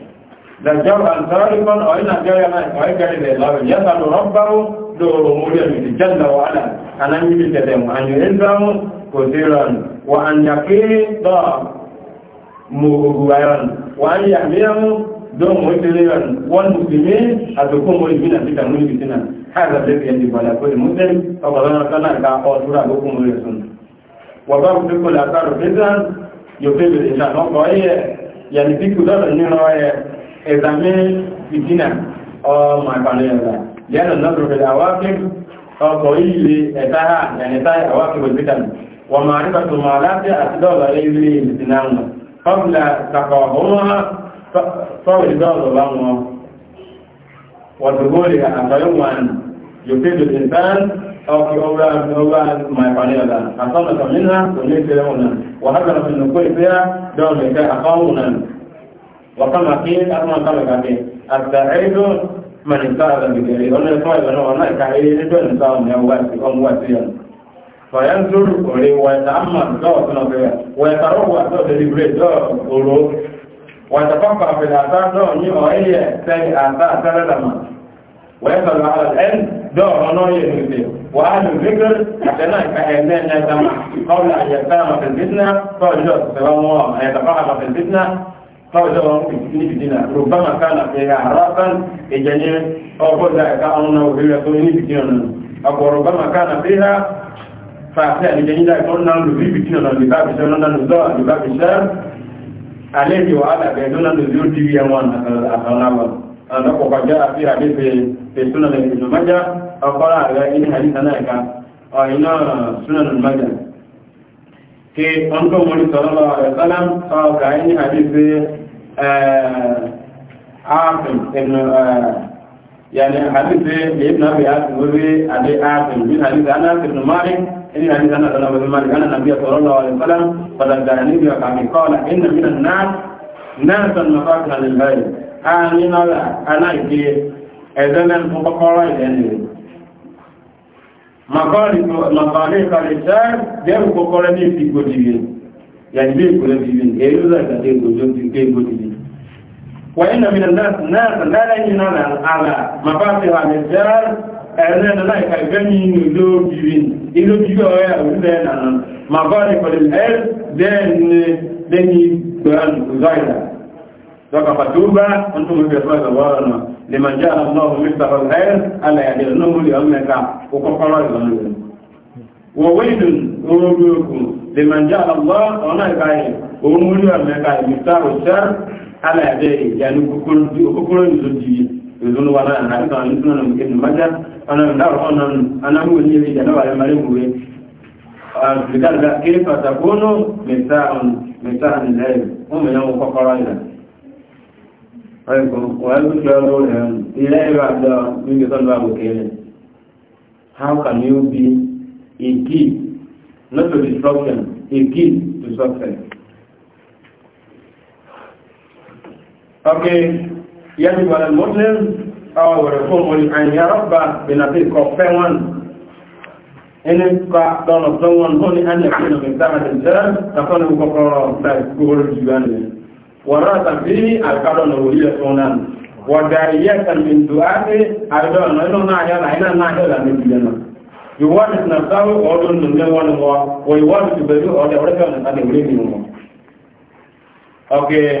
[SPEAKER 1] لجمع تاركا وإن جاءنا وإن الله يسأل ربه دور مريم جل وعلا أن يملك لهم أن يعزهم كثيرا وأن يقيد مغيرا وأن يحميهم دون مسلما والمسلمين أتكون مسلمين في تنوي بسنا هذا الذي يجب على كل مسلم فقدنا كنا كأقوى بكم الرسول وبعض كل أثار فتن يصيب الإنسان وقوية يعني في كل ذلك examine fìtínà ọmọ ìpàlẹ̀ ẹ̀dà yẹ́nà lọ́dọ̀rọ̀fẹ̀lẹ̀ àwáfíìf ọkọ̀ ilé ẹ̀ta ha yànẹ̀ta àwáfíìf hospital wọ ma rí pàtó ma láti àti dọ́ọ̀lọ̀ ilé ìsìnà wọn fọ́bùlà kàkọ̀ ọ̀hún ha sọ́wẹ̀ dọ́ọ̀lọ̀ bá wọn wọ̀dùgbòrè àtọ́yọ̀wọ̀n yòkédò ìsán ọkọ̀ ọgbà ọgbà ma ìpàlẹ̀ ẹ̀dà àtọ́nà kàmínà kò ní ìfẹ́ wọn wọ́n وكما قيل أما قال قيل السعيد من استعذ بكريم أنا يصوي بنا وأنا كعيد بن سام يواسي أم واسيا فينزل قولي ويتأمل دوا سنة ويتروى دوا تدبريد دوا أولو ويتفقع في الآثار دوا نيوائية أي سي آثار سلما ويسأل على العلم دوا هنو يهدي وأهل الفكر لنا كأننا نسمع قول أن يتفاهم في الفتنة فوجد سلام الله أن يتفاهم في الفتنة ọjọ́ níbìdínà rọ̀bámà kánà fẹ́ra àráfán ìjẹni ọgbọ́dá ẹ̀ká ọmọ òwúrẹ́ tó níbìdínà náà ọgbọ̀ rọ̀bámà kánà fẹ́ra fàáfẹ́ ìjẹni dáìkọ́ náà lò níbìdínà náà lè bá fi ṣẹ́ náà lè bá fi ṣẹ́ àlẹ́bí wà álàbẹ̀ náà lè ló dìbí ẹwọn àtàláwọ̀ ọ̀dọ́kọ̀kọ̀ jẹ́ àfihà bí fi súnà lè fi lòmájá ọkọ́lá rẹ̀ ní àdíta náà ẹ̀ka ọ̀yìnà súnà lòmájá kí ọ̀nkọ́ mọ́rí sọ̀rọ̀ lọ́wọ́ ẹ̀sálám ọkà ní àdíta عاصم ابن يعني حديث ابن ابي عاصم وفي ابي عاصم من حديث انس بن مالك ان حديث انس بن مالك ان النبي صلى الله عليه وسلم فذكرني وكان قال ان من الناس ناسا مفاتن للغيب اني نرى انا كي اذن مقرا يعني مقالك مقالك للشعر جاب مقرني في كتبين يعني بيه كتبين ايه ذا كتبين كتبين وإن من الناس ناسا لا ينال على مفاتيح الرجال ẹ̀rẹ́nà láìka ìgbẹ́ni inú ìlú obìnrin ilú jígbé ọ̀rẹ́ orílẹ̀ ẹ̀nà ma bá ní pẹ̀lú ẹ̀l lẹ́ni pẹ̀lú ìzáìlá lọ́kàfà tó bá ń tó mẹ́fẹ́ fún ẹ̀sọ̀wọ́ ọ̀nà lè máa jẹ́ àwọn ọmọ mẹ́sàrọ̀ ẹ̀l alẹ́yàdẹ̀ ọ̀nà múlẹ̀ ọmọẹ́ka ó kọ́kọ́rọ̀ ìlànà rẹ̀ ala yɛrɛ yanni kokoro kokoro nso jigi nzonu wa naa na nka nso na mu kɛnɛ maja ana ndaro ɔna ana mu wani yɛrɛ yanni wa yɛ mu ye bikari ka kiri fata kono mɛta mɛta nlɛ o mɛ n'o kɔkɔrɔ yɛ ayiwa o yɛ bi kɛra dɔw yɛ ilɛ yɛ b'a dɔn min bɛ sɔn b'a bɔ kɛlɛ how can you be a key not to destruction a key to success. Okay, يجب على المسلم أو الرسول أن يربى بنفسه كفوا إن قادنا سوون هون أن يكون من تحت الجرس تكون مكفرة تكون الجبال ورأت فيه القادنا وهي سونان ودارية من دعاته أيضا نحن نعيا لأينا نعيا لأنبيانا يوالد نفسه أدن من جوان الله ويوالد بلو أدن أدن أدن أدن أدن أوكي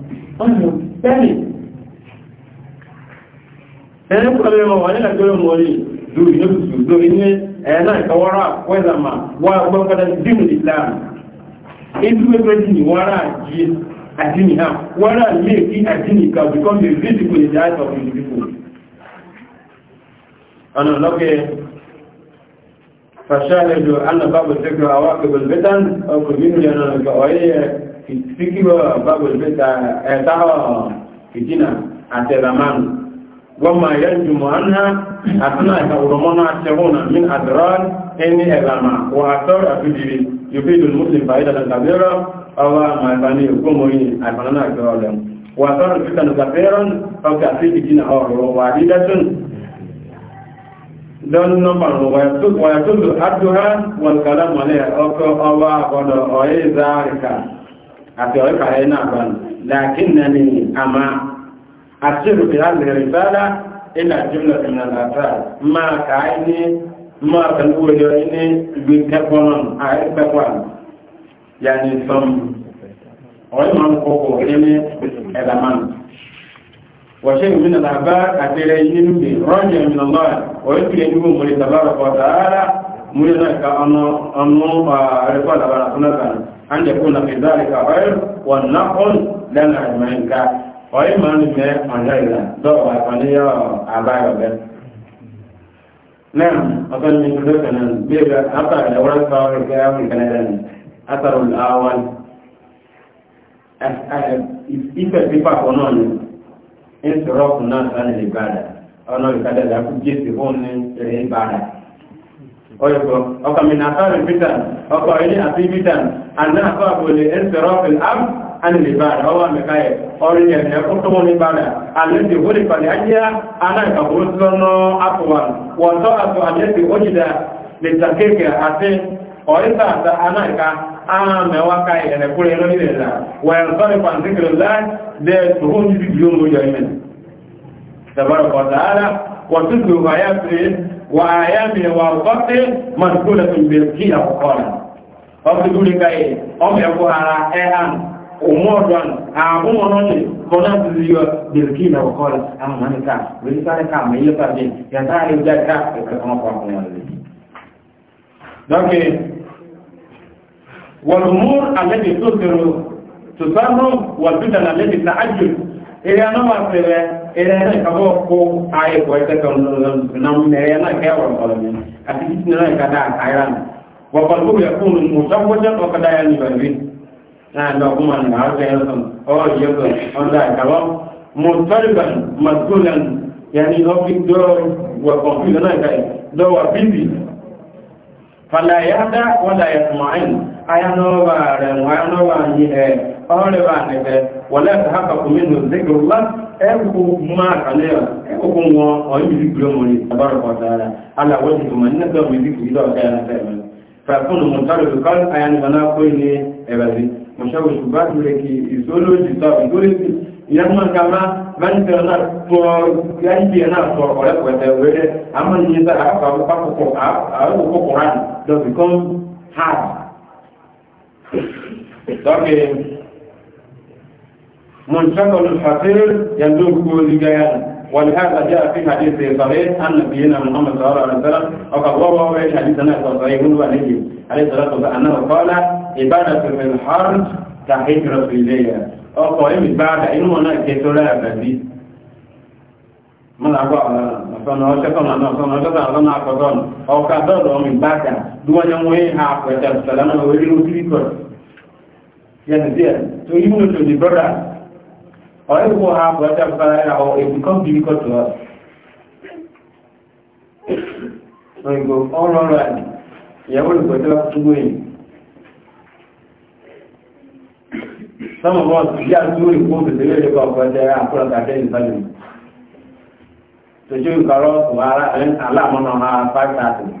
[SPEAKER 1] ọ̀nà bẹ́ẹ̀ ẹni kọ̀lẹ̀ ọmọ wà nílẹ̀ tó lọ́mọ orí lórí lókùsù lórí ní ẹ̀ẹ́nà ìkọwọ́rá wẹ́zàmà wà gbọ́nkọ́dá dínú islam inú ẹgbẹ́ dínì wọ́rá àjíyẹ àdínì ha wọ́rá lè kí àdínì ka become a visible in the eyes of individual ọ̀nà lọ́kẹ́ fàṣáàlẹ́jọ annabábọ̀ tẹ́kọ̀ àwákẹ̀bẹ̀lẹ́tàn ọkùnrin mímú yẹn náà fíkírọ̀ bábòlì mẹ́ta ẹ̀ta ìdínà àtẹ̀ràmánu wọ́n máa yẹ́ jùmọ̀ ánà àtúnà ìkàwòrọ̀mọ́nà àtẹ̀wọ̀nà min àdìrán ẹni ẹ̀ràmà wọ́n àtọ́rọ̀ àfíjìrì يفيد المسلم فائدة كبيرة أو ما يفاني يقوم وين أفنانا كرالهم وأثار فتن كثيرا أو كأفيد دين أو واحدة دون نمبر ويتوب حدها والكلام عليها أو أو أو أو ذلك àti ọ̀rẹ́ kàrẹ́ náà bá nù láàkí nà ní àmà àti ìrùkì láti rẹ̀ sára ilẹ̀ jùlọ ìrìnàlàtà máa kàá ní máa pẹ̀lú ẹjọ́ ní ìgbé kẹ́kọ̀ọ́ náà àìkẹ́kọ̀ọ́ yàní sọmù ọ̀rẹ́ máa ń kọ́kọ́ ní ẹ̀dàmánu وشيء من الآباء أتريهم برجع من الله ويكرمه من تبارك وتعالى من ذلك أنه أنه an yakuna fi dhalika khayr wa naqul lana ajma'in ka wa iman me anjaila do wa kaniya abayo be nam akan ni kudo kanan be ga apa da wala ka ga mun kanan asarul awal ife pípa kan náà ni ń sọ̀rọ̀ ọkùnrin náà sáré lè bára ọ̀nà ìkádàdà kú fún ní eré bára ọ̀yọ̀kọ̀ ọkà mìnà àfáàrí peter ọkọ̀ ilé àti peter àná àfáàbò lè ẹ́sẹ̀rọ́fìl áàmù anìlèbára ọwọ́ àmìkáyẹ̀ ọrin ẹ̀rẹ̀ ẹ̀kún tó wọ́n níbára àlẹ́sì ìwòlè pàdé ayé aláìkàbòrò tí lọ́nà àpòwà wọ́n tọ́ àtò àlẹ́sì òjìdá lè tàkéèkè àti ọ̀rísà àti aláìka àmẹ́wákáyẹ̀ ẹ̀rẹ̀kúrẹ́ lórí ẹ̀dà wọ́n tọ́ ìpàǹtíkìrì láì dẹ̀ tó hún jù وآيام وأوقات منقولة بالكية وقال ọdúnlẹ̀ káyẹ̀ ọmọ ẹ̀kọ́ ara ẹ̀hàn òmùọ̀dọ̀n àbúmọ̀nọ́nì kọ́nàbíyọ bèrèkì ìlà ọ̀kọ́lá àwọn mọ́nìká rẹ̀síkàríkà mẹ́yẹ́sàdé yàtà àríjáká ẹ̀kọ́ ọmọkùnrin rẹ̀ dọ́kẹ̀ wọ̀lùmú alẹ́bẹ̀ tó fẹ́rọ tòsánú wọ̀lùmú alẹ́bẹ̀ tààjù ele na masu ire, ele na kabo ko a yi kuwa ta kan não ele na kai wa kwalmi, a cikin cikin nan kada a kairan. Wa kwalbu ya kunu musan wajen cada ano ya nibalbi. Na da kuma na harsa ya san, o yi yanzu, on da kabo, mutarban masulan ya ni ofin do wa kwalbi da nan kai, do wa bibi. Fala ya da wala ya tuma'in, ayanowa ran, ayanowa ni eh, ọ̀rẹ́ bá nìbẹ̀ wọlé àkàkà kòmínú zikirula ẹ̀kùkù máa kàlẹ́yà ẹ̀kùkù wọn ọ̀yí mi zikiri mọ̀rí abárọ̀kọ̀tàrà aláwọ̀dì tó máa nígbà mi na dọ̀ọ̀kẹ́ yẹn fẹ́ẹ̀mẹ́ na mọ̀tàrù lùkọ́ ayanibana kó ní ẹ̀bẹ̀rẹ̀ mọ̀ṣẹ́wòṣù bá tilẹ̀ kí ìsólójì tọ́ ìtòlẹ́sì yamma to yanki na to ore ko da na amma ni a a ko Quran do منتقل الحقير يندوب بوزيجان ولهذا جاء في حديث صحيح أن نبينا محمد صلى الله عليه وسلم وقد روى في حديثنا صحيح عليه الصلاة والسلام أنه قال عبادة في الحرج كحجرة إليها أو قائم بعد إن أنا كتولا بدي من أقوى صنع شكرا أنا ان شكرا أنا أقضان أو كذل ومن بعد دون يومين أقوى السلام ويجلو تلك يعني دي so even to or if will have whether fire or it becomes difficult to us. So it goes all around. Ìyàwó ìgbẹ̀tẹ́ to túgbó yìí. Some of us, for the bí a túgbó ìpóòtù tí ó lè kọ́ ọ̀pọ̀ ẹ̀jẹ̀ àkúrọ̀ tàbí ìsọ́lẹ̀. Tòjú ìkọ̀rọ̀ ọ̀sùn aláàmọ́nà 5,000.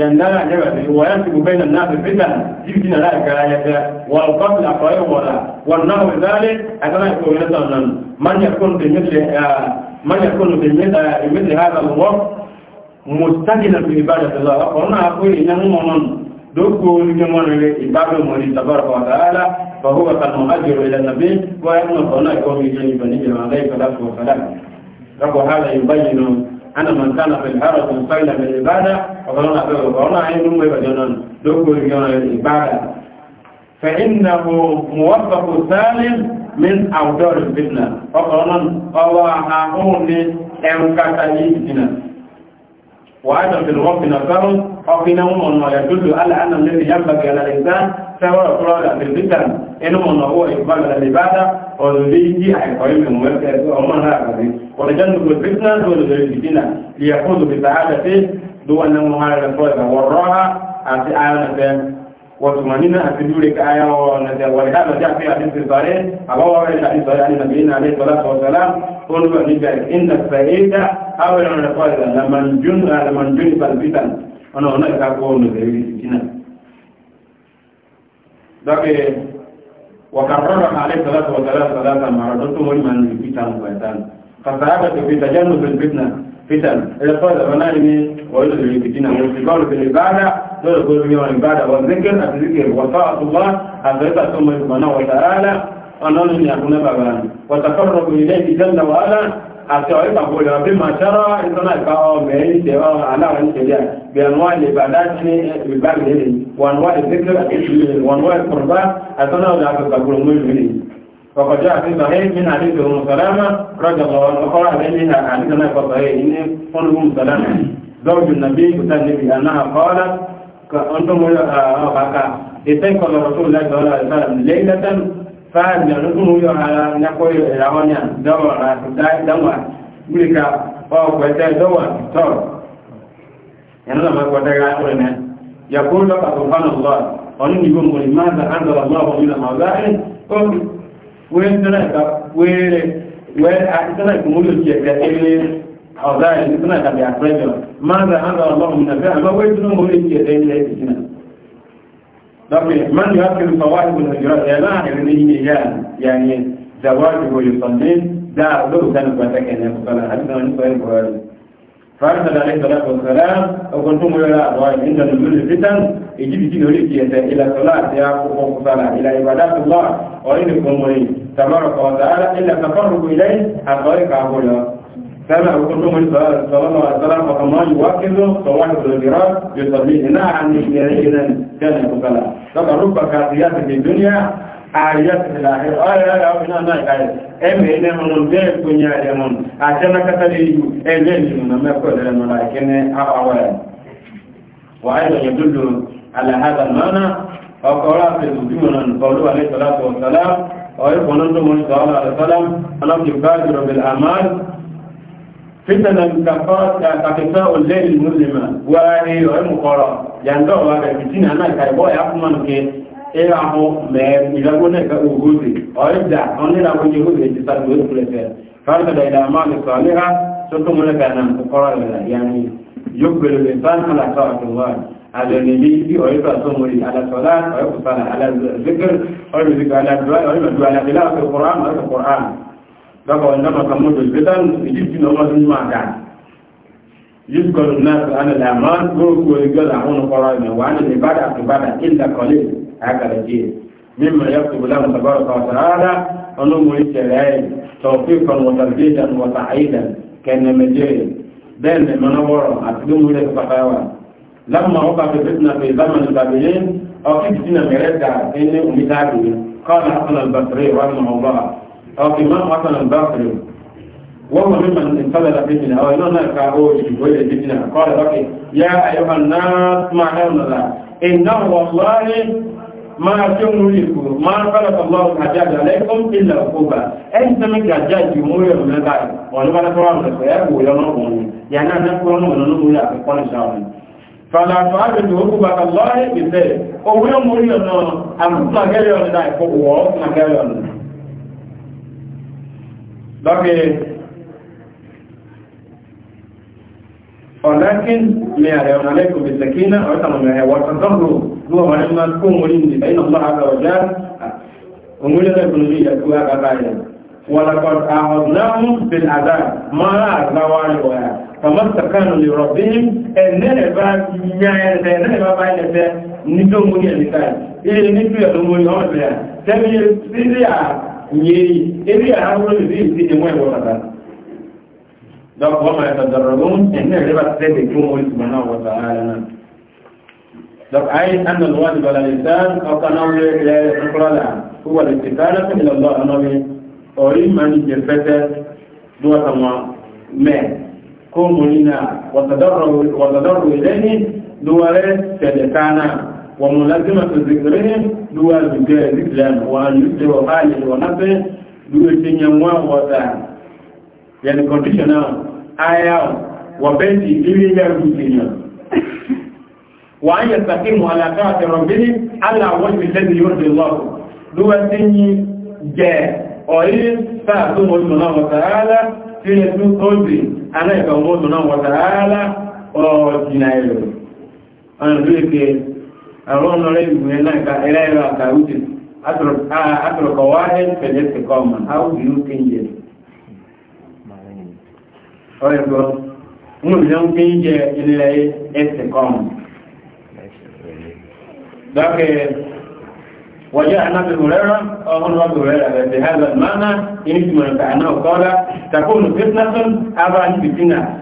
[SPEAKER 1] يندرع جبل وينسب بين الناس الفتن يمكن ذلك لا يشاء والقتل أقرب ولا والنحو ذلك أكما يكون مثلا من يكون بمثل من يكون بمثل هذا الوقت مستجلا في عبادة الله وقلنا أقول إنه مؤمن دوكو لكمان لإبادة مولي تبارك وتعالى فهو قد مؤجر إلى النبي ويكون قلنا يكون في جانب نبي عليه الصلاة والسلام هذا يبين أنا من كان في الحارة مستقلا بالعبادة وقالنا فيه وقالنا عين أمي بجنان دوكو يجيون العبادة فإنه موفق سالم من أودار الفتنة وقالنا الله هاهون لأمكاتا الفتنة وهذا في الوقت نفسه ọkùnrin wọn mọ̀nà yàtúlù aláàánà lẹ́nu yàmbàgì alàlẹ́sán sẹ́wọ́ ọ̀pọ̀lọ́ àbẹ̀lẹ́sán inú mọ̀nà owó ìbálàlẹ́bádá ọ̀lọ́lẹ́ yí àìkọ́ ìmọ̀ mẹ́fẹ́ ọmọ náà àgbàdì ọ̀lẹ́jọ́nù bẹ̀rẹ̀ lọ́lọ́lẹ́ ìdínà lìyàkóso bẹ̀rẹ̀ àdàtẹ́ duwanna muharar fọ́ta warraha àti ayánàfẹ́ wàtùmánínà àti lúrẹ ká ayá wọn da wàrí hàbà já fi àti ìfẹ̀fàrẹ́ àbáwọ̀ rẹ̀ àti ìfẹ̀fàrẹ́ àti nàbìnà àti ìfẹ̀fàrẹ́ ọ̀sọ̀lá olùwà níbẹ̀ ìndà fẹ̀ẹ́dà àwọn ìrànlẹ́fọ́ ìrànlẹ́mọ̀jún ìfàlbítàn ọ̀nà ọ̀nà ìgbàgbọ́ ọ̀nà ìbẹ̀rẹ̀ ìsìnà dákẹ́ wàkàrọ̀rọ̀ alẹ́ sọ́lọ́tà wàtàlá sọ́lọ́tà màrọ̀dọ́ tó wọ́n máa ń rí pítà ń gbàtàn kàtàrà tó fi tàjẹ́ nù fẹ́ fitna fitan ẹ̀rẹ́ sọ́lọ́tà bá náà ní wọ́n lè rí fitina wọ́n fi bá lùfẹ́ ìbáadà lọ́dọ̀ tó rí wọn ìbáadà wọ́n التواريخ أقول بما ترى إننا الكاو مين سواء على الشجاع بأنواع العبادات بالباب وأنواع الذكر وأنواع القربان أتنا ذاك تقول مجمعين وقد جاء في صحيح من حديث أم سلامة رضي الله عنه قال إليها حديثنا في صحيح إن أم سلامة زوج النبي كتاب النبي أنها قالت أنتم أبقى استيقظ رسول الله صلى الله عليه وسلم ليلة fáàlì ọdún yọ ara nyakọ ìràwọ̀ ní àdọ́wọ̀ àtúndáìdánwà gbíríkà ọkọ̀ ẹ̀tẹ́ ìdọ́wà tọ́rọ̀ ẹ̀nà lọ́mọ ẹgbọ́dẹ́gá ọ̀rẹ́ mẹ́ yàkúrú lọ́pàá tó fánà lọ́wọ́ ọdún ìgbò mọ̀lì máa ń sàkándọ̀ lọ́wọ́ nínú àwọ̀dáyé tó wé ń tẹ́lẹ̀ ìgbà wéèrè wẹ́ àtẹ́lẹ̀ ìkùnmúlò jẹ́ ẹ̀kẹ́ ọ̀dáyé nítorí àtàbí àpẹẹrẹ máa ń sàkándọ̀ lọ́wọ́ nínú àwọ̀dáyé طيب من يؤكد صواحب الهجرات يا لا يعني يعني زواجه يصلي ده له سنة بتكن يعني، يا صلى الله عليه وسلم فأرسل عليه الصلاة والسلام وكنتم يرى أبواب عند نزول الفتن يجب في نوريك إلى صلاة يا أبو صلاة إلى عبادات الله وإنكم مريد تبارك وتعالى إلا تفرق إليه عن طريق عبوله كما وكنتم صلى صلاة عليه والسلام فقال الله يواكب صواحب الهجرات يصلي هنا عن يعني إلى كان يصلي لقد ربك كافيات في الدنيا آيات في آه، آه، إيه، إيه، إيه، آه، الآخرة آية آية آية آية آية آية أم إن من جل كن يا من أتمنى كتلي أمين من ما كل الملائكة أقوال وأيضا يدل على هذا المعنى وقال في الدنيا أن قولوا عليه الصلاة والسلام ويقول أنتم من قال عليه السلام أنا أبكر بالأعمال fitana kafa ta kafa ulil muslima wa ni o mu qara yando wa ga fitina na ka bo ya kuma nke e ra ho me mi la go ne ka u go ti o ja on ni la go ji go ti sa go ku le fer fa ta da ila ma ni salira so to mu la ka na ko qara la yani yubbil insan ala ta'ati allah ala ni bi bi o ta so mu ala salat o ku sala ala zikr o zikr ala du'a o du'a ala ila qur'an o qur'an daga wanda maka mutu bidan yiji na wasu ma da yiji ko na ta ana da ma go ko ga da hono qara ne wa ne ibada to bada inda qalil haka da ji mimma yaktubu lahu tabaraka wa ta'ala ono mu yake rai tawfiqan wa tarjidan wa ta'idan kana majid dan ne manawara atidu mu ne fatawa lamma waka fitna fi zaman al-babilin aw fitna mirada inni umitabi qala hasan al-basri rahimahullah أو إمام حسن الباقر وهو ممن انتظر في الدنيا أو إننا كأوش بويل الدنيا قال بقي يا أيها الناس ما حولنا إنه والله ما تملكوا ما خلق الله الحجاج عليكم إلا عقوبة أنت من حجاج يمور من البعض وأنا ما نقرأ من الخيار ولا نقوم يعني أنا نقرأ من النمو لا أقول إن شاء الله فلا تعبد عقوبة الله بسير أو يمور من أمر ما قال يوم لا يقوم وما قال يوم Dọ́kẹ́ ولكن ليعلمنا عليكم بالسكينة وتمنها وتضروا هو مهمة تكون مريم بين الله عز وجل ومولد الكلية كلها قضايا ولقد أعرضناهم بالعذاب ما أعرضوا فما استكانوا لربهم إننا بعد إننا بعد نتوم مريم نتاج إلى نتوم مريم هذا تميل سريع yayi in ya hawo zai yi da mai wannan da kuma ya tadarrabun inna riba sai da kuma wani subhanahu wa ta'ala nan da ai anna alwajib ala lisan aw kana ila qurala huwa al-istiqala ila Allah anawi ori mani je fete duwa tamwa me ko munina وملازمة ذكرهم دوا ذكرهم وأن يسر حاله ونفسه دوا تنيموا وطا يعني conditional آية وبنتي إلي يرجو تنيم وأن يستقيموا على طاعة ربهم على وجه الذي يرضي الله دوا تني جاء ọ̀rí sáàtún mọ́jùmọ̀ náà wọ̀tàálá tí ó tún tóbi aláìkà mọ́jùmọ̀ náà wọ̀tàálá ọ̀jìnà ẹ̀rọ ọ̀rìn lórí أرون رأيهم من الله إلى إلى كاوتين أترك أترك واحد فجدت قوما أو بيوت كنجر أيضا مليون كنجر إلا استقام لكن وجاء أبي هريرة أمر أبي هريرة بهذا المعنى إن من كأنه قال تكون فتنة أبا فتنة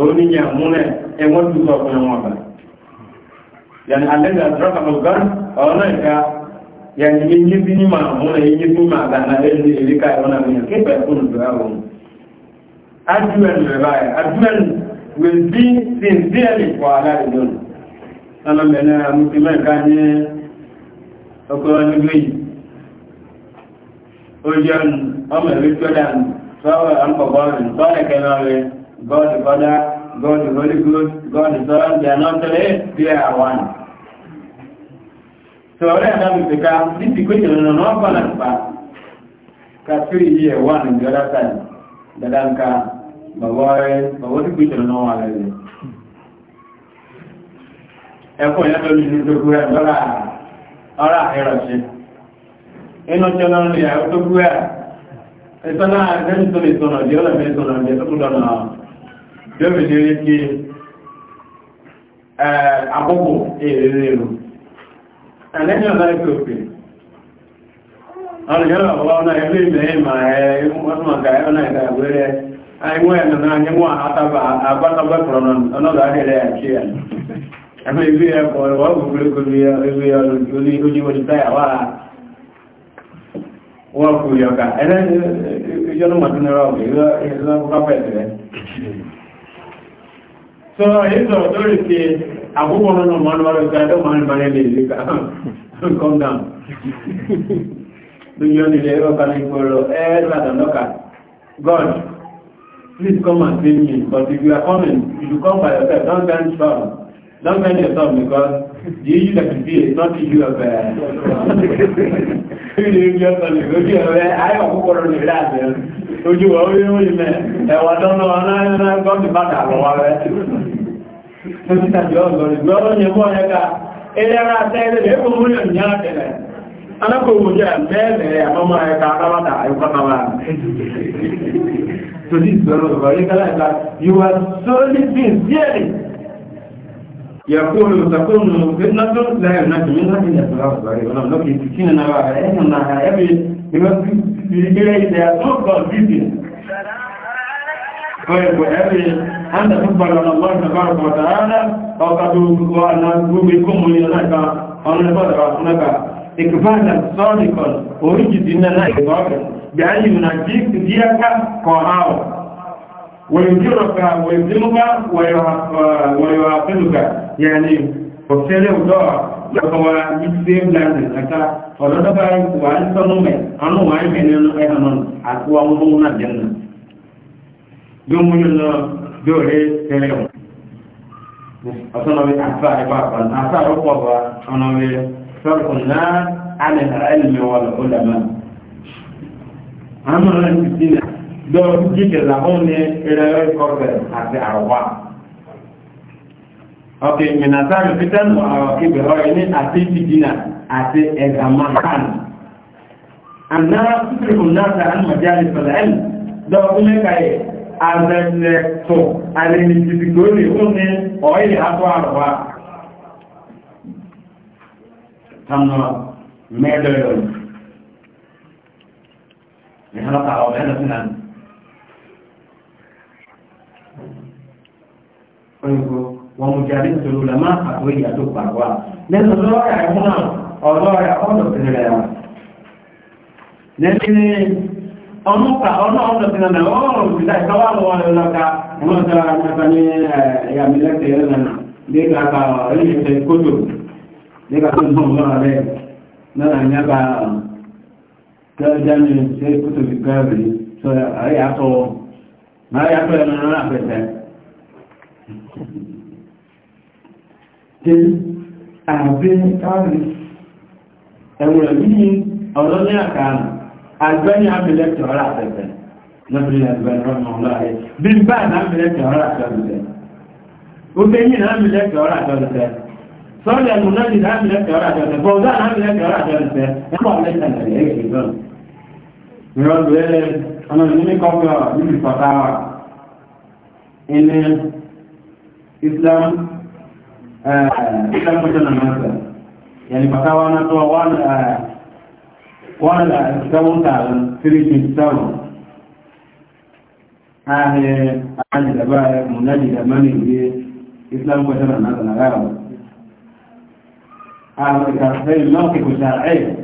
[SPEAKER 1] oníyà múnẹ̀ ẹwọ́n tó sọ fún ẹwọ́n ọ̀gbà yàni alẹ́gbà drọ́kà mọ̀gán ọ̀nà ìka yàni yíyí sí ní ma múnẹ̀ yíyí sí ma gànà ẹni èríkà ẹwọ́n àmìyàn kéfẹ́ fún ìdúrà wọn adúẹ̀nù ẹ̀bá ẹ̀ will be sincerely for Allah alone sọ́nà mẹ́rin amúsílẹ̀ ká ní ọkọ̀ nílé yìí ó jẹun ọmọ ìrìkọ́dà sọ́wọ́ àǹkọ̀kọ́ náà rẹ̀ God the Father, God the Holy Ghost, God the Son, they are not three, they are one. So right now we become, this equation is not balanced back. Because three here, one on the other side. That I'm can, but what, but what equation is not one Ẹ̀kọ́ ìyá tó lè ní gbogbo ẹ̀ lọ́ra ọ̀rá àhẹ́rọ̀ Inú tí ọlọ́run lè yàwó tó gbogbo ẹ̀, ìtọ́nà àgbẹ́ni tó lè tọ̀nà jẹ́ ọlọ́mẹ́ tọ̀nà jẹ́ tó kú lọ́nà yóò fi lérí pé àkókò èrè rò ẹ̀lẹ́yìn ọ̀lá ìpè òpè ọ̀rọ̀ yọ́rọ̀ ọ̀wọ́ ọ̀nà ilé ìbẹ̀rẹ̀ ìmọ̀ ẹ̀mọ́ ìgbé ẹ̀kọ́ ìwọ́n gbogbo ìgbé oníwọ̀n ìtàyàwó wọ́n kú yọ̀ká ẹ̀lẹ́ ìjọ́nà mọ̀tún ẹ̀rọ ọ̀gbẹ̀ ìlọ́pàá pẹ̀lẹ̀ sọ̀rọ̀ ìsọ̀ lórí ti àkókò nínú mọ́nàmọ́rọ̀ ìgbàdọ́ máa ń balẹ̀ lè calm down lójú onílẹ̀ ẹ̀rọ̀bá ní ìgbòrò ẹ̀ẹ́dàdànọ́kà God please come and save me but if you are coming you should come by yourself don't bend yourself don't bend yourself because the issue that you see is not the issue of ẹ̀ẹ́ eh, (laughs) ojú wọ́n orí orí mẹ́ ẹ̀wà tọ́lọ aláyẹ́rẹ́ gọ́ọ̀dì bá dà rẹ̀ tó ti tàbí ọ̀gọ̀rì gbọ́rọ̀ yẹ bọ́ ẹ̀ka ẹlẹ́rẹ́ àtẹ́rẹ́ lè أنها Because the area they are so convenient. Where wherever أن تقبل من الله تبارك وتعالى وقد وأن بكم لك أن نبرع لك إكفالا صادقا ويجد إننا إضافة بأن ينجيك ديك قرار ويجرك ويظلمك ويعقلك يعني وفعله دورك ya kama yi same land kata fɔlɔ dɔ b'a ye wa an sɔnnu mɛ an n'o an mɛ nɛnɛ ɛ hɔn a ko an mun na jɛn na don mun yɛrɛ la dɔw yɛrɛ tɛlɛ o a sɔnna bɛ a fa yɛrɛ b'a fa a fa yɛrɛ kɔ fa a sɔnna bɛ sɔrɔ ko na ale ka ale mɛ wala o lamɛ an mana na ti na dɔw ji kɛ la anw ni ɛrɛ yɔrɔ ok minasari fitan wa awakibi ọ̀rọ̀ ní àti fìdínà àti ẹ̀gàmáhàn àná fífìrìkùn náà ta án mọ̀jáde sọ̀lá ẹ̀lì dọ́ọ̀kú mẹ́ka yẹ azẹ̀lẹ̀tọ̀ alẹ́nìtìbìgbò lè fún ní ọ̀ẹ́lẹ̀ àtọ́ àrọ̀wà tánà mẹ́dọ̀lọ̀ ìhànlọ́ta ọ̀rẹ́ lọ́sìnà Oyinbo wọn mo jáde nítorí lọ́mọ àtúwé ìyá tó pa wá nínú lọ́ọ̀rẹ́ ẹ̀kún náà ọlọ́ọ̀rẹ́ ọ̀dọ̀ sí rẹ̀ wá. lẹ́yìn ọmọkà ọ̀nà ọ̀dọ̀ sí rẹ̀ ọ̀rọ̀ òṣìṣẹ́ ìkáwá lọ́wọ́ rẹ̀ lọ́ka wọ́n sọ àgbàta ní ẹ̀yà mi lẹ́sẹ̀ rẹ̀ nana nígbà ká ọ̀rẹ́ ìṣẹ̀ kótó nígbà tó ń bọ̀ mọ́ra rẹ̀ náà nyàgbà gẹ́gẹ́ni ṣe kótó fi gẹ́rì sọ àyàtọ̀ máa yàtọ̀ ẹ̀ tí àbí káàrí ẹ̀wọ̀n ní ọlọ́ní àkàrà àgbẹ́ni àbílẹ̀kì ọ̀rọ̀ àtẹ̀tẹ̀ lọ́bìnrin àgbẹ̀ni ọmọ ọlọ́rẹ̀ bí bá àbílẹ̀kì ọ̀rọ̀ àtẹ̀tẹ̀ oge yìí àbílẹ̀kì ọ̀rọ̀ àtẹ̀tẹ̀ sọ́ọ̀lẹ̀ ẹ̀mùnájì àbílẹ̀kì ọ̀rọ̀ àtẹ̀tẹ̀ bọ̀ọ̀dá àbílẹ̀kì ọ̀rọ̀ àtẹ̀tẹ̀ ẹ̀kọ́ àbílẹ̀kì ọ̀rọ̀ àtẹ̀tẹ̀ kila mmoja na mada yani mpaka wanatoa wana wala kitabu taalam sirri kitabu ahe aje da ba munaji da mani ne islam ko tana na na gara ahe ka sai mawqif shar'i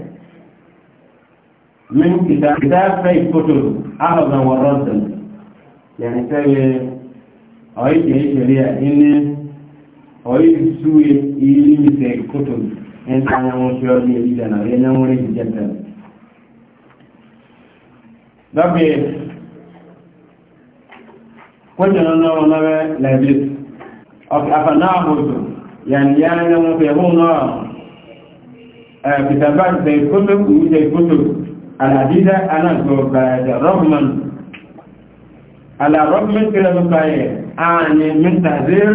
[SPEAKER 1] من كتاب كتاب في كتب أخذا وردا يعني سوي أريد أي شريعة إني oyi suye ili mise kutum en kanya mo shori ili dana re na mo re jenta dabe ko jana no na be labis ok afa na abudu yani yana na mo be ho no eh kitabat ana ko ba da rahman kila ba ya ani min tahzir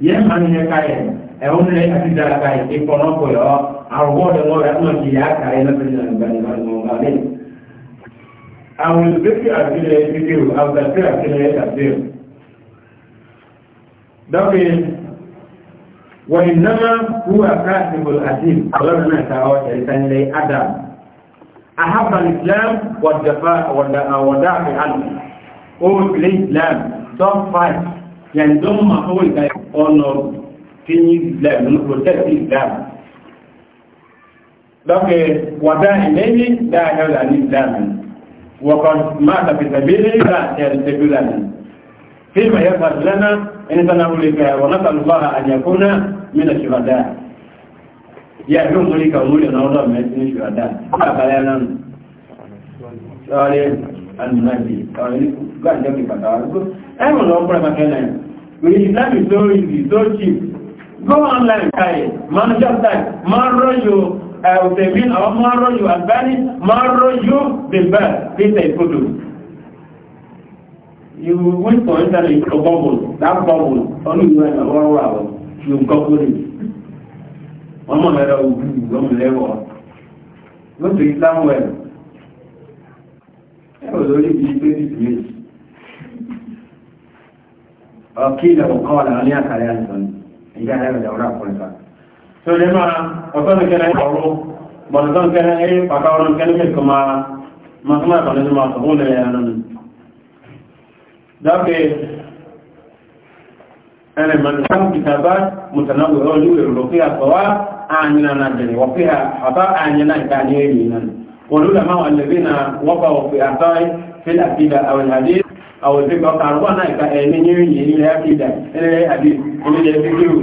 [SPEAKER 1] yẹn ma nyɛ ka yɛ ɛwɔ ne ati dara ka yɛ ikɔnɔ ko yɔ arɔbɔ de ŋɔ yɛ kuma ti yɛ aka yɛ lɛfɛ nyɛ nga ni ma ŋɔ nga ne. awon bɛti ati lɛ ɛfiri o awutati ati lɛ ɛfiri o. dɔkɛ wɔyi nama huwa kaasibul ati alɔri na ta ɔ tɛ sɛn adam ahaba islam wadafa wadafa wadafa alu o tile islam tɔn fain yani don ma kawai ga ono kin yi islam no protect islam dake wada ilemi da ya da ni islam wa qad mata fi sabili la yartabulana فيما يظهر لنا إن تنهلك ونسأل الله أن يكون من الشهداء يعلم ذلك أمور نوضع من الشهداء أبا يلان alìmọ̀lẹ́ gbàjọ́ kí bàtà arúgbó ẹ̀rùn lọ pẹ́ mẹ́kẹ́lẹ̀ with islam is so easy so cheap go online kai man job time man rojo ọ̀tẹ̀bín àwọn man rojo albani man rojo bẹ̀bẹ̀ peter ikoto you wait for internet a bubble that bubble only a ọdún ìwé ẹ̀nà wọ́rọ̀ àwọn yóò gọ́gbọ́n wọ́n mọ̀ mẹ́rẹ̀ ogun ìgbọ́mù lẹ́wọ̀ lóṣù islam well olórí bíi pé nìgbè ọkí ilẹ̀ ọ̀kan wà láwọn ní àkàrẹ́ àìsàn ìyá ẹ̀rọ ìyàwó àpọ̀lẹ̀fà tó lè máa ọ̀tọ́nù kẹ́rẹ́ ọ̀rọ̀ bọ̀dọ̀tọ́nù kẹ́rẹ́ ẹ̀rí pàkà ọ̀rọ̀ kẹ́rẹ́ mẹ́kọ̀ máa máa máa tọ̀lẹ́ tó máa sọ̀hún lẹ́yìn ẹ̀rọ nù dákẹ́ ẹ̀rẹ̀ mọ̀lẹ́sán kìtàbá mùtànáwó ọlú èrò lọ́fíà sọ́wá àyìnà nàìjíríà wọ́fíà àbá àyìnà ìkàní èrì náà والعلماء الذين وقعوا في أعطاء في الأكيدة أو الحديث أو الفقه قالوا أنا كأمين يوني إلى الأكيدة إلى الحديث إلى الفقه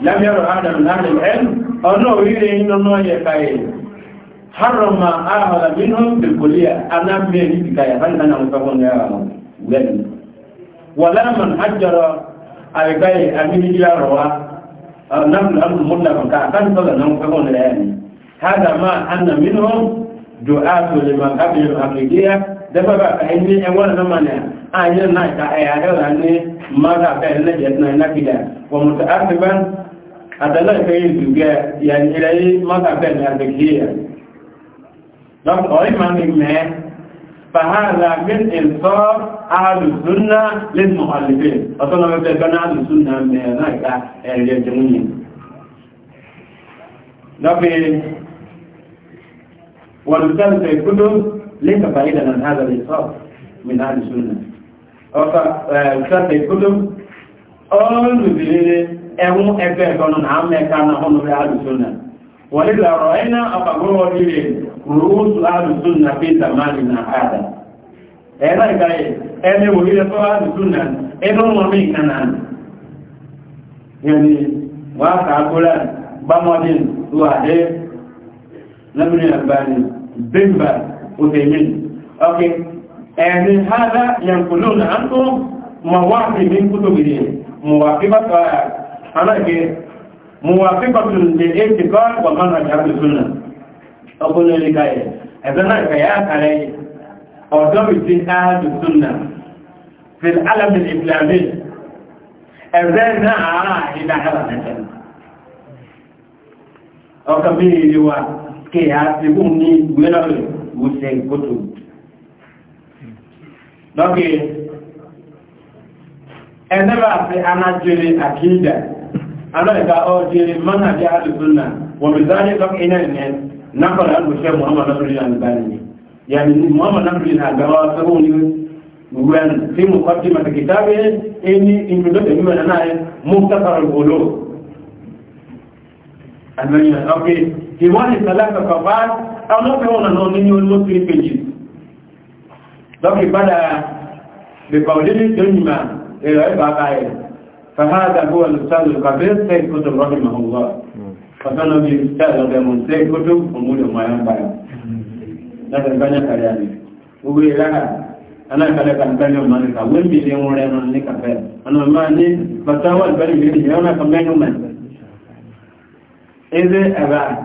[SPEAKER 1] لم يرى هذا من أهل العلم أنه يرى إن الله يكاين حرم ما أهل منهم بالكلية أنا بني بكاية هل أنا متفق يا غني ولا من حجر أبكاي أمين إلى روا نحن أمر مطلقا كأكان صلى الله عليه وسلم هذا ما أن منهم du'atu liman qabil al-aqidiyya da ba ba kai ne e wannan mana ayin na ka aya e da ne mara ka ne da na na kida wa muta'aqiban adala kai duga yani ilai mara ka ne al-aqidiyya dan oi man me fa hala min insaf ahli sunna lil mu'allifin asana me kana ahli sunna me na ka e da jumu'in nabi والمثال سيكون ليس بعيدا عن هذا الإصاب من أهل السنة وكذلك سيكون all the believers ẹ̀hún ẹgbẹ́ ìkọlù náà mẹ́ka náà hàn lórí أهل السنة ولذا رأينا أقبروا لي رؤوس أهل السنة في زماننا هذا ẹ̀rọ ìgbáyé ẹni wòlí أهل السنة ẹnu wọn mí kanáà yẹni wọ́n á kàá kúrẹ́ لمن الألباني بن باز وثيمين أوكي يعني هذا ينقلون عنكم مواقف من كتبهم مواقفة أنا كي موافقة للاعتقاد ومنهج أهل السنة أقول لك إذا أنا كياس علي أضرب أهل السنة في العالم الإسلامي إذا نعى إلى هذا المكان أو كمية ke àtìkún ní ìwé lọ́rẹ̀ ìwòsẹ̀ ìkótò lọ́gẹ̀ ẹ̀nẹ́bà àti anájẹ́rẹ́ àkídà aláìka ọjẹ́rẹ́ mọ́nàjẹ́ na wọ̀n bí záyé lọ́kìnà ìnẹ́ nákọ̀lá alùsẹ́ muhammadu nàbìrin àgbáyé yàní muhammadu nàbìrin àgbáwá sọ́rọ̀ ní wen fi mu kọ́tí mata kìtàbí ẹni ìgbìdọ́tẹ̀ mímọ̀ náà mú kásàrọ̀ gbòlò àgbẹ̀yìn ọkẹ́ He won his Salaka Kabbat. I'm not the one and only one more three pages. Lọ́kì padà bèbà òdílé tó yìí èrò ẹ̀bà báyẹ̀. Fàhádà bó wà lùsàlù kàbí ṣe kótó rọ́bì mọ̀ ọ̀gọ́. Fàtánà bí ṣàlọ̀ bẹ̀mù ṣe kótó òmúlò mọ̀ ẹ̀yàn báyà. Láti ìbáyà kàrí àlè. Owó ìlànà alákàlẹ̀ kàbẹ́lẹ̀ ọmọ nìkà wọ́n bí ilé wọn rẹ̀ ní kàfẹ́. Ọ̀nà máa ní bàtàwọ̀ ìbẹ̀rẹ̀ ìbẹ̀rẹ̀ ìbẹ̀rẹ̀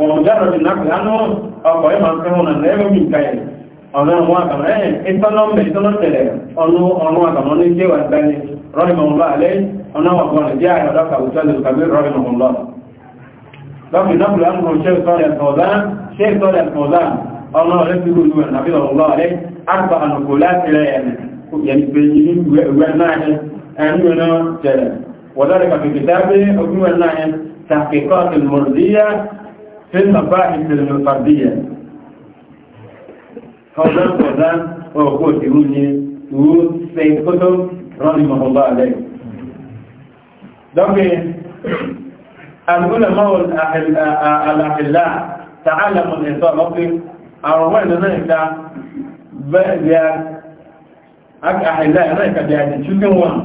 [SPEAKER 1] ومجرد النقل عنه أو ما يمكنون أن يبقى من كائن ọ̀nà àwọn àkàmọ́ ẹ̀ ìtọ́lọ́mẹ̀ ìtọ́lọ́tẹ̀lẹ̀ ọ̀nà àkàmọ́ ní jẹ́ wà gbẹ́ni rọ́ìmọ̀lá alẹ́ ọ̀nà àwọn ìjẹ́ àyàdọ́kà òtẹ́lẹ̀ ìkàmẹ́ rọ́ìmọ̀lá lọ́pìn náà pùlá ń rọ̀ ṣe ìtọ́lẹ̀ ọ̀dán ṣe ìtọ́lẹ̀ ọ̀dán ọ̀nà ọ̀rẹ́ fi rúrú ẹ̀ nàbí ọ̀lọ́ alẹ́ àgbà ànàkò láti rẹ̀ ẹ̀ تحقيقات المرضية في المباحث الفردية فضلا فضلا وهو تقولني سيد كتب رحمه الله عليه دونك العلماء الأحلاء تعلموا الإنسان مطلق أروان ذلك بأجل أك أحلاء ذلك شو كان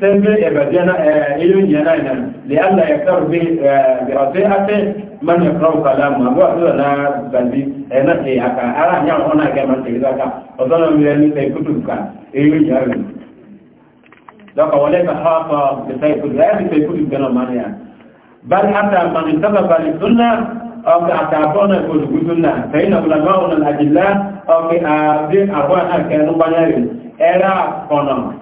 [SPEAKER 1] سمي إبادينا إلين يناينا لألا يكتر برفيعة من يقرأ كلامه وأخذ لا بلدي نسي أكا أرى أن يعلم هنا كما تجدك وظلم من كتبك إلين يناينا لك وليك خاصة بسيف الله بسيف الجنة مانيا بل حتى من انتبه للسنة أو أتعطونا كل جزنا فإن علماؤنا الأجلاء أو أبين أخوانا كانوا بنيا إلى قناه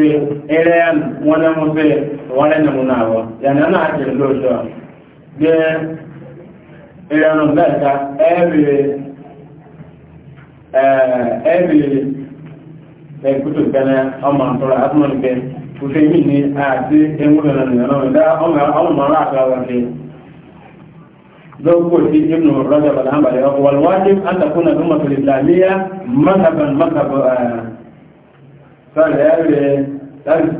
[SPEAKER 1] fi ireyan wani mutu wani namunawa yana na ake lojọ gbe ireyan bẹta ẹbi ẹkutu gẹnẹ ọmọ àtọrọ atọmọlùkẹ kùfẹ yìí ni àti ewúrẹ nà nìyànà ọmọdé ọmọmọrọ àtọwọlẹ lọ́gbọ́ tí ibnu rọ́jọ́ bàdánbàdé ọkọ̀ wàlúwájú àtàkùnà tó mọ̀tò ìsìlámíyà mọ́tàbàn mọ́tàbàn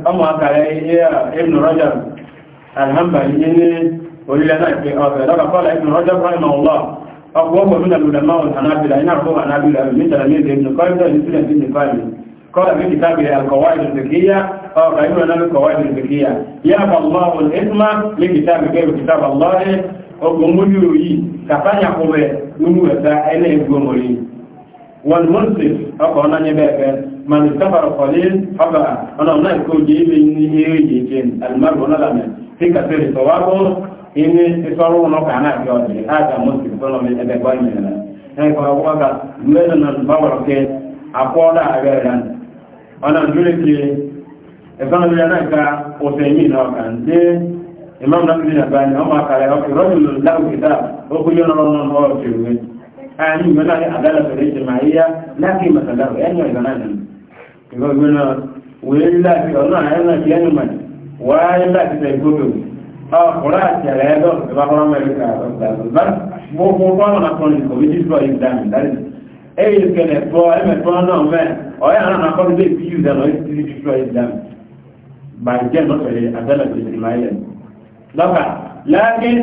[SPEAKER 1] ọmọ akàrẹ ibn rajab alhambali ní orílẹ̀ náà pé ọ̀fẹ́ lọ́gbà kọ́lá ibn rajab rahimahullah ọgbọ́gbọ̀ mínà lùdàmá ọ̀nàbìlà iná àkókò ànàbìlà mítàlá ní ìdè ìbìnkọ́ ìdè ìsílẹ̀ ewe he ejiejea iwe nke ọrụaụ ìgbàgbọ́nà wòye láti ọ̀nà àyànà ti ẹnu mọ̀ wáyé láti tẹ̀ gbogbo ọkùnrin àti àyàdọ̀ ìbáfọ́nà mẹ́ríkà ọ̀gbà gbogbo fọ́nà akọrin kò ní jíjọ ìdáhùn dárí èyí kẹlẹ̀ fọ́ ẹ̀mẹ̀fọ́ náà mẹ́ ọ̀yẹ́ àwọn akọrin lè fi yùdá lọ sí jíjọ ìdáhùn bàjẹ́ nọ́fẹ̀ẹ́ àbẹ́lẹ̀ ìsìnmáyẹ̀ lọ́kà lákín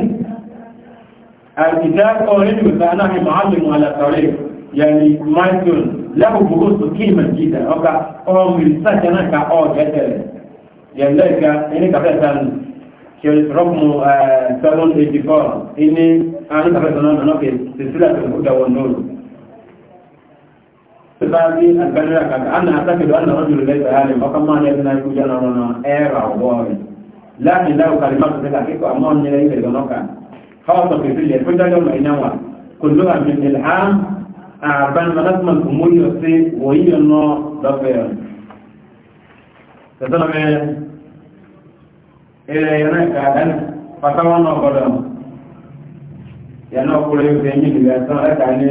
[SPEAKER 1] àìsíkẹ́ kọrin nìgbà náà ni màálùmù alàtọ̀rẹ́ yẹni michael lahu buhusu kima jida oka o milisaka naka o jetere yeleka ini kafetan rokmu 784 ini anu kafetan nana noke sisila tukuda wonuru sebabi albanira kaka ana atakidu anna rajulu laisa halim oka mani yadina ikuja narona era wori lakin lahu kalimatu zika kiko amon nila ile donoka hawa sokifili kuja yoma inawa kulluha min ilham آه، إيه، أنا مغزما كموني وسي وهي النوع دفعين تسلم إلى ينك أدن فتوى النوع قدام
[SPEAKER 2] ينك قولي وزيني لغاية تعني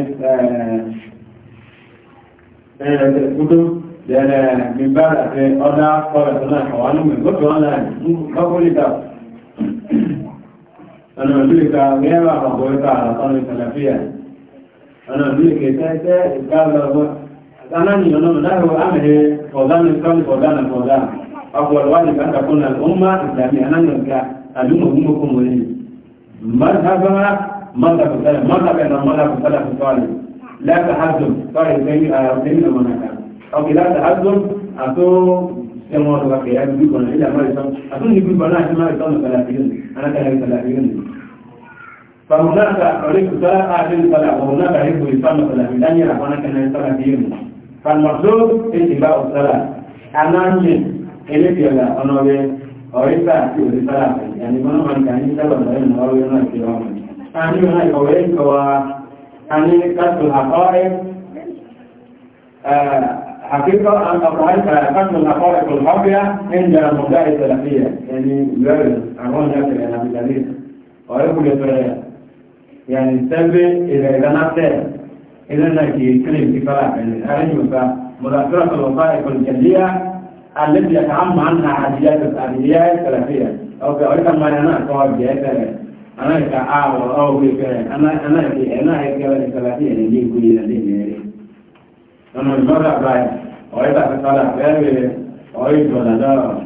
[SPEAKER 2] إلى تسكتو لأن من بعد في أرداء قوة سنة حوانو من قدو أنا
[SPEAKER 1] مقولي تا أنا مجلسة غيرها فقولتها على طنو السلفية ọ̀nà bí ìgbẹ̀tẹ́ ìgbàlọ́ ọgbọ́n tsanani nono nahu amre fodani kan fodana fodana akwai wani kan ka kuna umma islami anan ga alumma kuma kuma ne madhaba madhaba kala madhaba na madhaba kala kala la tahaddum sai sai a sai na manaka aw la tahaddum ato sai mo ga ya bi ko na ila mai san atun ni bi bana ma san kala kala ana kala kala فهناك طريق صلاة عادل فلا وهناك حب يصلى فلا بدان يرحمنا كنا يصلى فيهم فالمطلوب اتباع الصلاة أنانين إلي فيلا أنوي أويسا في الصلاة يعني كنا من كان يصلى فلا نوي أنا كيوم أني أنا كوين كوا أني كسر الحقائق حقيقة أن أبراهيم كسر الحقائق الحقيقة عند المبدأ السلفية يعني يرد عن هون يصل إلى بدليل ويقول يتريد yani tembe ile ganate ile na kiikiri kifara ile alimusa مذاكرة الوثائق الجلية التي يتعامل عنها عاديات الآلية السلفية أو في أولئك المعنى أقوى بجهة أنا كأعوى أو في أنا أنا في أنا هيك السلفية اللي يجي كل اللي أنا المرة بعد أولئك الصلاة غير أولئك ولا لا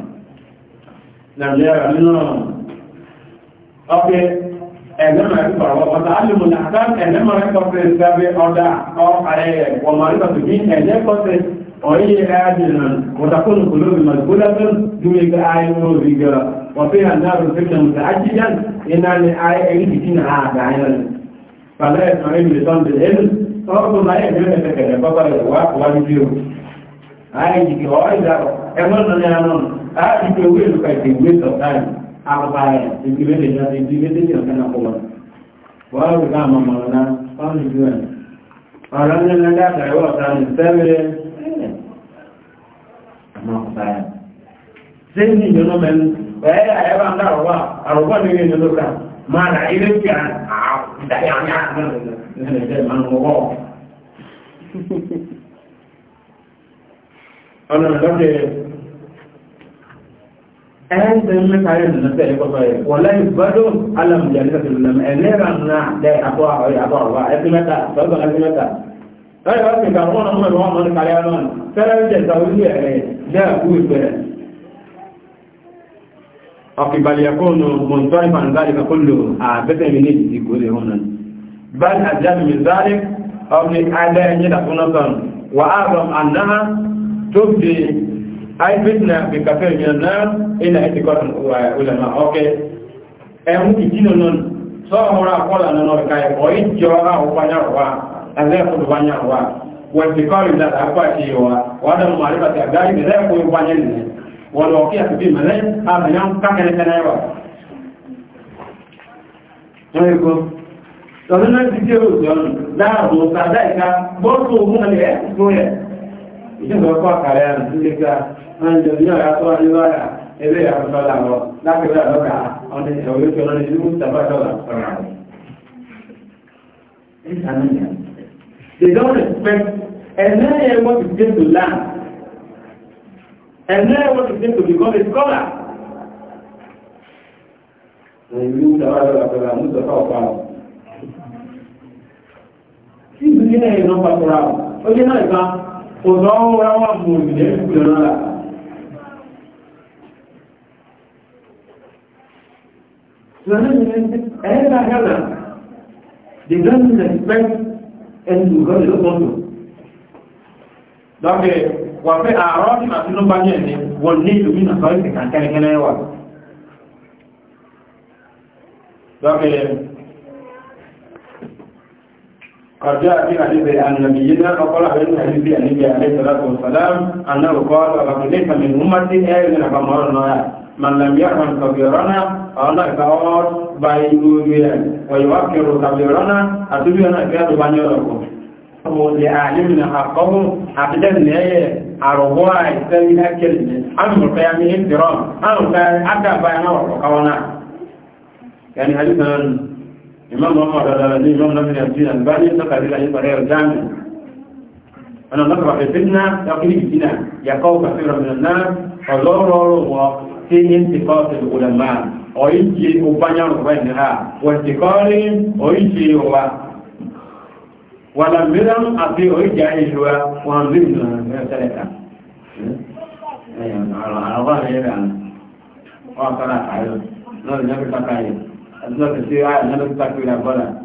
[SPEAKER 1] نعم يا أمينو أوكي ẹ̀lẹ́mà ẹ̀kọ́ ọ̀pọ̀ta alìmọ̀lá àtàkì ẹ̀lẹ́mà ẹ̀kọ́ fẹ́ ìsẹ́bẹ̀ ọ̀dá ọ̀kàrẹ̀ wọ̀mọ̀lẹ́kọ̀ tó bí ẹ̀lẹ́kọ́ fẹ́ وهي آجلا وتكون القلوب مشغولة بما آي مزيجا وفيها النار الفتنة متعجلا إن الآية فتنة عاجلا فلا يسمعين لسان بالعلم فرض ما يجب أن تكلم بطل الواق والجيو آية جيكي وآية دارة أمرنا يا من آية جيكي ويلو كيكي ويلو كيكي akpaya ìdílé lè jáde ìdílé lè jẹ́ ọ̀kan àpọ̀ wọn wọ́n rí ká àmà mọ̀rọ̀ náà wọ́n rí jùlọ ọ̀rọ̀ ní ẹgbẹ́ àkàrẹ̀wọ̀ ọ̀tá ní sẹ́mìrẹ́ àmà ọ̀taya ṣé ní ìjọba mẹ́rin ẹ̀ẹ́ àyẹ́bá ń dárọ̀ wá àrùbọ̀ ní ilé ìjọba ká máa rà ilé kí à ìdáyà ní àkàrẹ̀ ọ̀nà ìlọ́dẹ̀ ɗayan da yi mutane da nasa ya kwafa ya wallahi bado alam ya nasa da lam elera na da ya akwa a ya akwa ba ya kimata sabon alimata kai ba su ga wannan mai wa mun kare nan sai da sauri ya ne da ku ibere akibal yakunu muntariban zalika kullu a bata min ji ko da wannan bal ajam min zalik aw ni ala yadda kunasan wa azam annaha tubdi aibitna bi kafir min an-nar ila itikar ulama okay ehun idino non so hora kola non o kai o ijo ha o panya wa ale ko panya wa wa itikar da apa ti wa wa da marifa ta gari da ko panya ni wa lo kiya bi malai ha nan ka kana kana wa ne ko tọ́lú náà ti jẹ́ òjòrò láàrùn ọ̀sàdá ìka bọ́ọ̀tù ogun alẹ́ ẹ̀kùn tó yẹ ìjọba ọkọ̀ àkàrẹ àrùn tó lé gbáà They don't expect, and then they want to get to learn, and then they want to get to become a scholar. Ẹ̀yìn mùsàbádọ́là ọ̀rá mùsàbá ọ̀pá ọ̀. Kí ìbí ní náà pàtàkì ọ̀rá Ó yẹ́ náà ìbá, kò sọ́ ọ́ wọ́n wà náà.
[SPEAKER 2] ẹ̀yẹ́dà hẹ́là
[SPEAKER 1] they don't respect ẹni ìgbọ́n lè lọ́pọ̀tò lọ́pẹ̀ wà pé àárọ́ ní àtúnúbá ní ẹ̀mí wọ́n ní ìlú mínà sọ́rí ti kàkẹ́rẹ́kẹ́rẹ́ wà lọ́pẹ̀ قرجاء في حديث عن نبينا فقال في الحديث عن النبي عليه الصلاة والسلام أنه قال فليس من أمتي أي من أمر النار من لم يحمل كبيرنا قال كاوس باي بايدوبيا ويوكر كبيرنا أتبعنا كياد بانيوركم لعالمنا حقه حقدا عقدا لأيه عربوا يستوي الأكل عمر قيامه انترام عمر حتى بيانا وقوانا يعني حديثا إمام محمد الذي إمام نبي الدين الباني سقط إلى إبراهيم الجامع أنا نقرأ في فتنة يقول فتنة يقوم كثيرا من الناس فزوروا في انتقاص العلماء ويجي أبنيان بينها وانتقال ويجي هو ولم يرم أبي ويجي هو وانزلنا ثلاثة على الله يبعنا وقرأ حيث نور نبي تقايد أدنى تسيرا نبي تقويل أبدا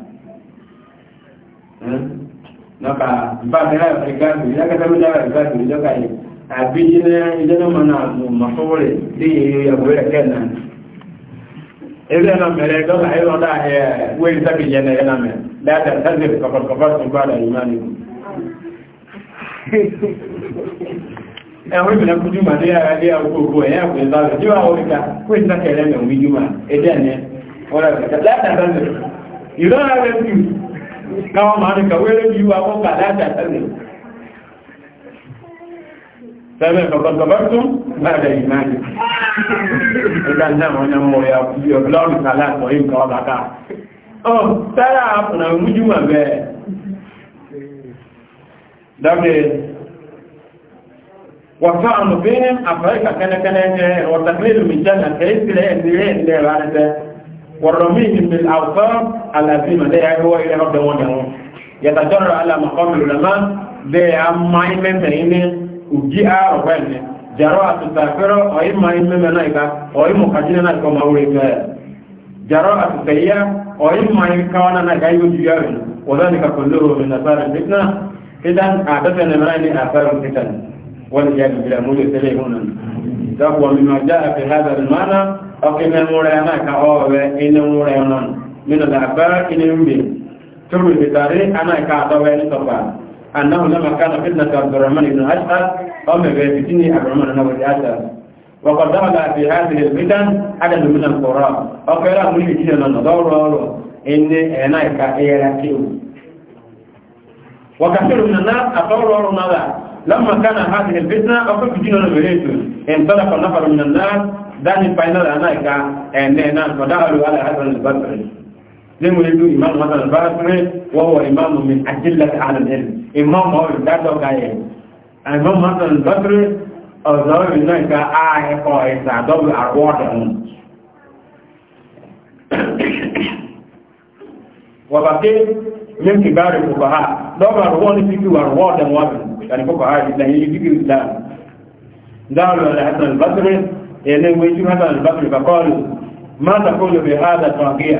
[SPEAKER 1] نبقى بعد هذا الكافر إذا كتبنا الكافر إذا كايد àbí jẹ́nà mọ́nà mọ̀fọ́wọ́rẹ̀ tí yíò yàgbé ẹ̀kẹ́ náà ilé ẹ̀nà mẹ́rẹ̀ dọ́là ìrọ̀dá ẹ̀ wé ìsábì jẹ́nà ẹ̀nà mẹ́ láti àtàzẹ̀ kọ̀kọ̀kọ̀ tó gbára ìmáni ẹ̀wọ́n ìbìnà kú jùmọ̀ ní ara ilé agogo ẹ̀yà kò ìbáwẹ̀ tí wà oríta kó ìsákẹ̀lẹ̀ mẹ̀wí jùmọ̀ ẹ̀dẹ́ ẹ̀nẹ́ ọ̀rọ̀ láti àtàzẹ̀ ìrọ̀rọ̀ rẹ̀ sí káwọn máa ní kàwé rẹ̀ bí sẹ́lẹ̀ tọ̀tọ̀tọ̀bẹ́tún láàrẹ̀ ìmáàlì ìgbà náà wọn ni mọ̀ ya fi ọlọ́rùn aláàtọ̀ yìí kan bàtà ọ̀ sára àpùnà mújúmọ̀ bẹ́ẹ̀ dábẹ̀ wàfá àmùbínin àfẹ́ríkà kẹ́nẹ́kẹ́nẹ́ jẹ́ wọ̀tàkìlì ugi a ogwenne jaro atutakero oima imeme naika oimu kajine naika maurika jaro atutaya oima ikawana naika ibu jiyawen wadhalika kulluhu min asari fitna idan adatana mrani asari fitna والعياذ بالله مولى سليمان ذاك ومما جاء في هذا المعنى أقيم مولانا كأوه إن مولانا من الأخبار إن يمبي تروي بتاريخ أنا كأدوى نصفا أنه لما كان فتنة عبد الرحمن بن أشهر قام بفتنة عبد الرحمن بن أبي أشهر وقد دخل في هذه الفتن عدد من القراء وقال من فتنة نظر إن هناك إيراكيو وكثير من الناس أطوروا نظر لما كان هذه الفتنة أقول فتنة نبريتو انطلق نفر من الناس داني فاينال هناك أننا ودخلوا على هذا البطل لم يدو إمام هذا الباطن وهو إمام من أجلة على العلم إمام هو الدادو كاين إمام هذا الباطن أظهر إنه كآية قائسة دول أرواحهم وبقي من كبار الفقهاء دول أرواحهم فيكي أرواحهم وابن يعني فقهاء الإسلام يجي فيكي الإسلام دول حسن الباطن يعني ويجي هذا الباطن فقالوا ما تقول بهذا التوقيع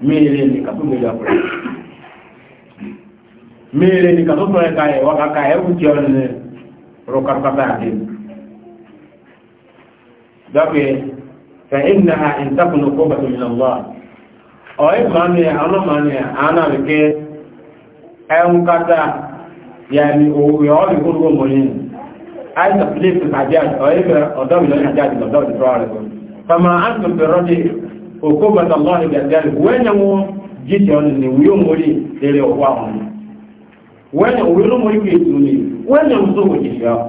[SPEAKER 1] mere nìkan tó gbẹ̀yà pẹ̀lú mere nìkan tó tọ́ ẹ̀ka ẹ̀wọ́ kàkà ẹ̀wù jẹ́ ọ̀nà rọ̀kàkàtà àdé dábẹ́ fẹ́ ìnà ìtàkùnà kó bàtò ìlànà ọ̀ẹ́ màánìyà anọ́màánìyà anàrìkẹ́ ẹ̀hùn kàtà yàní òwúrẹ̀ ọ̀rẹ̀ gbogbo mọ̀lẹ́yìn àìsàn plẹ́sì àjáde ọ̀ẹ́ bẹ̀rẹ̀ ọ̀dọ́ okobata allah gadari wenya wo jiti on ni wiyo mori dere o wa on wenya wiyo mori ke tuni wenya uzo ko jiti ya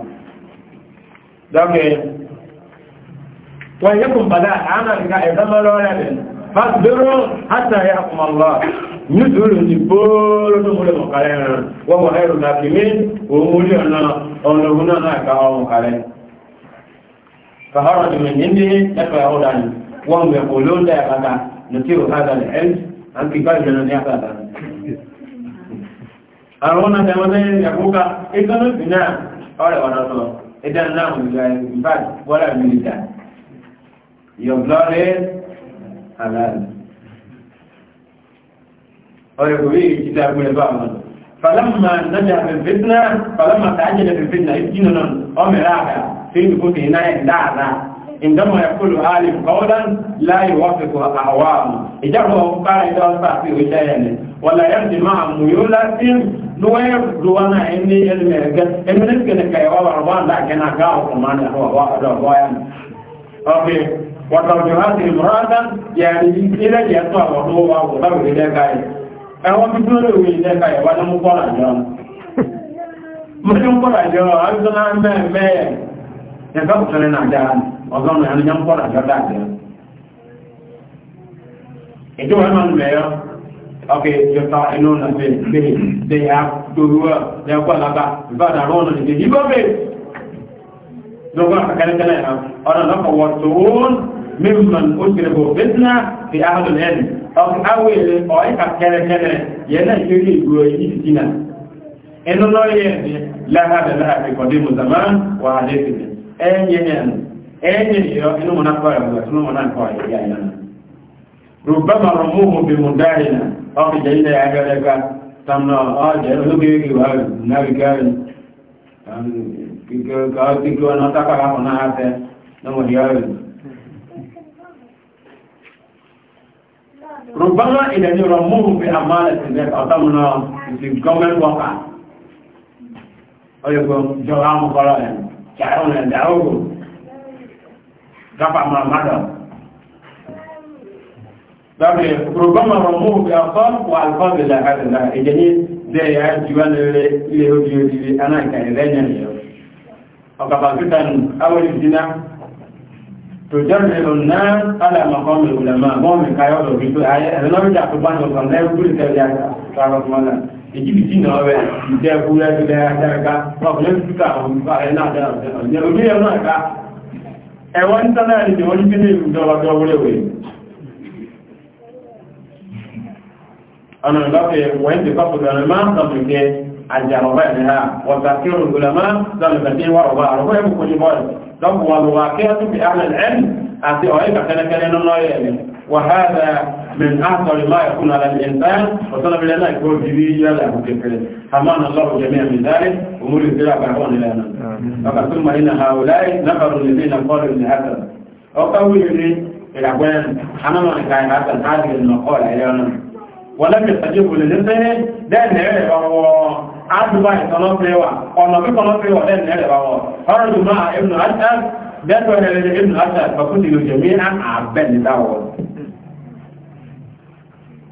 [SPEAKER 1] dame wa yakum bala ana ga edama lola den fasbiru hatta yahkum allah nyudulu ni bolo to mole makare wa na ka a وهم a لا يقطع نثير هذا العلم عن كبار جنان يقطع أرونا تمامين يقولك إذن بناء قال ونصر إذن نعم بالفعل ولا باللسان يبلغ halal ọ̀rẹ́kùn rí ìkìtà ìpínlẹ̀ bá wọn falamma nájà fìfìtìnà falamma tàájẹ̀lẹ̀ fìfìtìnà ìjìnà náà ọmọ ìrà àgbà tí ìdíkò fi náà na- عندما يقول عالم قولا لا يوافق أهواءه إجابه قال إذا أصحى وشيئا ولا يمضي مع ميولة نوير دوانا إني المرقة إن نسكن كيوا وعبان لكن أقاو كمان هو واحد وغايا أوكي وتوجهات امرأة يعني إلى يسوع وضوء وضوء إلى كاي أهو بدون إلى كاي وأنا مقرأ جون مش مقرأ جون أنا مقرأ مين مين يسوع سنين عجان ọgọ́rùn ẹni jẹ́ ń pọ̀ làjọ́dá àjẹ́ ìjọ wọn máa ń mẹ́yọ́ ọkẹ́ ìjọta inú na fẹ́ bẹ́ẹ̀ bẹ́ ya torúwọ́ lẹ́kọ́ lábá ìbáda rọ́ ọ̀nà ìdè yíbọ́ bẹ́ẹ̀ lọ́gbọ́n àkàkẹ́lẹ́kẹ́lẹ́ ọ̀nà lọ́kọ̀ wọ́n tó wọ́n mímọ̀ ó kéré bò bẹ́tìnà fi áhùn ẹni ọkọ̀ awẹ́lẹ́ ọ̀ẹ́kà kẹ́lẹ́kẹ́lẹ́ yẹn náà kéré ìgbúrò yìí ti nà ẹnu lọ́yẹ̀ láhàbẹ̀ láhàbẹ̀ kọ̀dé ẹ̀ẹ́dẹ̀ yọ inú mọ̀nà kọ́ ẹ̀wọ̀n tí mọ̀nà kọ́ ẹ̀yà ìyànà rùgbọ́mà rọ̀mùhù bí mú dáìnà ọkìjẹ̀ ilẹ̀ agẹ́gẹ́gá tamna ọjẹ́ olóògbé wà nárígárí kíkọ́ ọ̀nà tákàrà ọ̀nà àtẹ́ lọ́wọ́dí ọ̀rẹ́ rùgbọ́mà ilẹ̀ ni rọ̀mùhù bí àmàlẹ̀ dafa ma madam dabe rubama mamu bi afan wa alfan bi lahar la ejeni de ya jiwan le le odiyo di ana ka elenya ni aka bakitan awali dina to jarre lonna ala maqam ulama mo mi kayo do bi to aye no mi ja ko ban do kan le buri te ya ta ba ko na eji bi tin do we de ku le de ya ta ka ko le ku ta na da o ne o ni na ka ẹ̀wọ́n tánà ìdí wọ́n ní ilé ìrùjọwàjọ́ wúlẹ̀wẹ̀ ọ̀nà ìbáfẹ́ wọ́n ti pàpù lọ́nà máa sọ̀tù jẹ́ àjàrọ̀bá ìrìnà wọ̀ta kí o rùgbọ́lá máa lọ́nà ìgbàtí wà rọ̀bá àrọ̀bá ẹ̀kù kò ní bọ́ọ̀lù lọ́pù wà lọ́wà من أعطر ما يكون على الإنسان وطلب لنا يكون جديد لا مكفر حمان الله جميعا من ذلك أمور الزراعة بعون لنا فقد ثم إن هؤلاء نفر الذين قالوا ابن حسن وقولوا لي الأبوان حمام كان حسن هذه المقالة إلينا ولم يستجيبوا لنفسه لأن يعرف عبد الله عدوا يتنطيوا قلنا بيتنطيوا لأن يعرف فرد مع ابن أسد ذات وهل ابن أسد فقتلوا جميعا عبد الله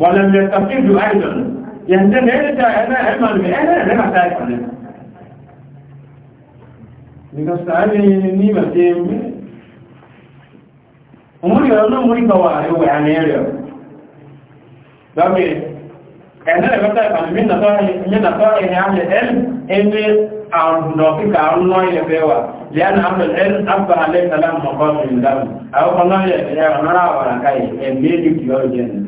[SPEAKER 1] ولم يستفيدوا أيضا يهدم إلتا أنا أعمل بأنا لما تأكل لنستعلي نيمة تيم ومن يرون مريبا وعليه وعنيه لكن ẹ̀dẹ́ ẹ̀fẹ́ta ìpàdé mínàtọ́ ìhìn àmì ẹ̀lù ẹni àrùndọ̀kíkà àrùnà ìyẹ̀fẹ́ wà lẹ́yìn àmì ẹ̀lù àpá alẹ́ ìtàlá mọ̀kọ́ ìrìnlẹ́wọ̀n àwọn ọmọ náà yẹ̀ ẹ̀rọ náà wà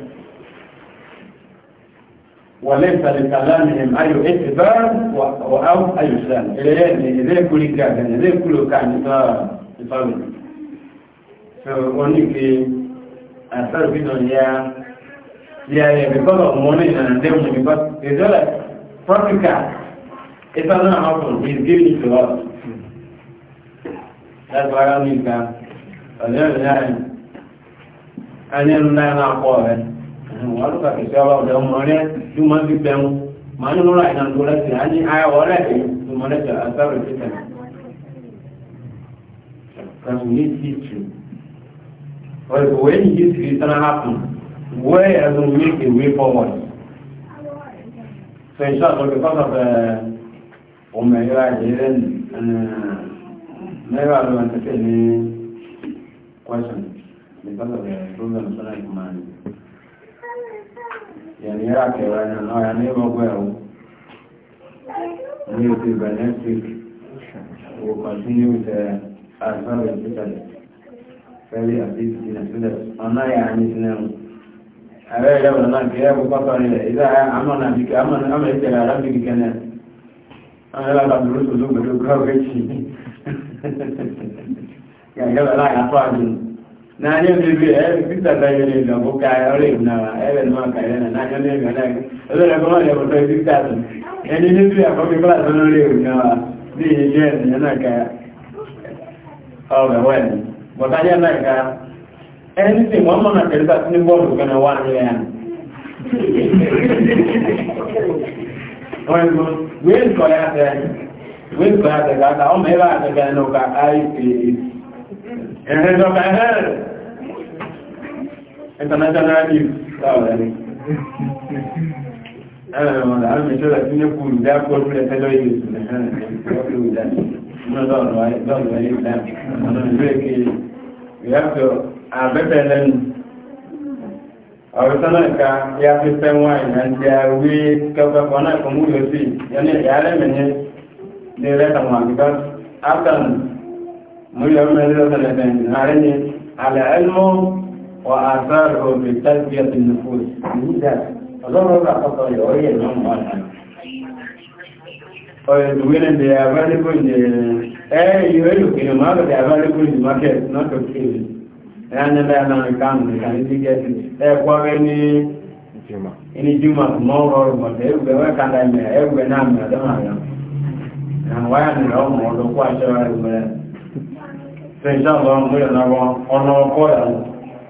[SPEAKER 1] وليس لكلامهم أي اعتبار أو أي سنة إليه إذا كل كان إذا كل كان يصاب فأنيك أثر بدنيا يا يا بكرة مونين أنا دائما بس إذا فرقك إذا أنا أقول he's giving to us that's why I need that أنا أنا أنا أقول waluka kisiwa ule umone juma vipemu maana nura inangulati yani haya wale tumoneta athari kitana kasuni kitu kwa hivyo when history is gonna happen where as we make a way forward so inshallah because of the umeelewa jeren never I will entertain question because of the program of Sunnah Imani yẹni yára kẹwàá ẹ̀nà náà yà ní ọgbọ́ ẹ̀wọ̀n ní oṣù benefic will continue the asfaw hospital fẹ́lẹ̀ àti ìsìnà sílẹ̀ ọ̀nà yà ní sílẹ̀ mu ààrẹ ìyá wọn náà kẹ́yà kó pápá nílẹ̀ ìdá àmọ́ náà bí àmọ́ náà àmọ́ ìjẹ̀rẹ̀ àrà bí kíkẹ́ náà àwọn ẹ̀rọ àgbà dúró sọ̀tún pẹ̀lú gírọ̀gẹ́tì yà ìyá wọn náà yà fọ́ àdùnnú n'anya mmebi ebe pita banyere n'ebe bụ ka ọrụ ibu na ebe nọ ka ya na n'anya mmebi ọ na-aga ebere bụ ọrịa bụ tọị pita atọ enyi ihe ndị afọ gị kpọrọ atọ n'ọrụ ibu na n'ihi ihe ndị ya na-aga ọrụ ewe ni bọta ya na-aga ẹni tí wọn mọ̀nà pẹ̀lú bá ní bọ́ọ̀lù kan wà ní ẹ̀yà wọ́n gbọ́ wíìlì kọ́ ya tẹ̀ wíìlì kọ́ ya tẹ̀ káàkiri ọmọ ẹ̀rọ àtẹ̀kẹ́ ẹ̀nà ọ̀ka ayé ẹ̀hẹ́ international news láwọn ẹni ẹ̀rọ ọ̀nà àwọn ìṣẹ́lẹ̀ tí ní kú ìdá pọ̀lú ẹ̀fẹ́lọ́ ìlú àwọ̀sánà ìka ya fi fẹ́ wọn ìyàn tí a wí kẹfẹ́fẹ́ náà kò mú yóò sí yẹni ìyálẹ́mẹ̀yẹ ní rẹ́tàwọn àgbà afghan mú yọ mẹ́rin lọ́sẹ̀lẹ̀fẹ́ ààrẹ ni alẹ́ ẹlmọ́ وآثاره بتلبية النفوس Ọlọ́run rà pọ̀tọ̀ yọ̀ yẹ̀ náà mọ́ àná. Ọ̀rẹ́ ìdúwẹ́lẹ̀ dẹ̀ available in the air, you will look in the market, they are available in the market, not to kill. Ẹ̀yà ní ẹ̀dá náà nìkan nìkan ní gẹ́gẹ́ sí. Ẹ kọ́rẹ́ ní ní Juma mọ́ rọrùn mọ̀tẹ́, ẹgbẹ̀ wẹ́ kàdà ìmẹ̀, ẹgbẹ̀ náà mẹ̀ ọ̀dọ́ àyàn. Àwọn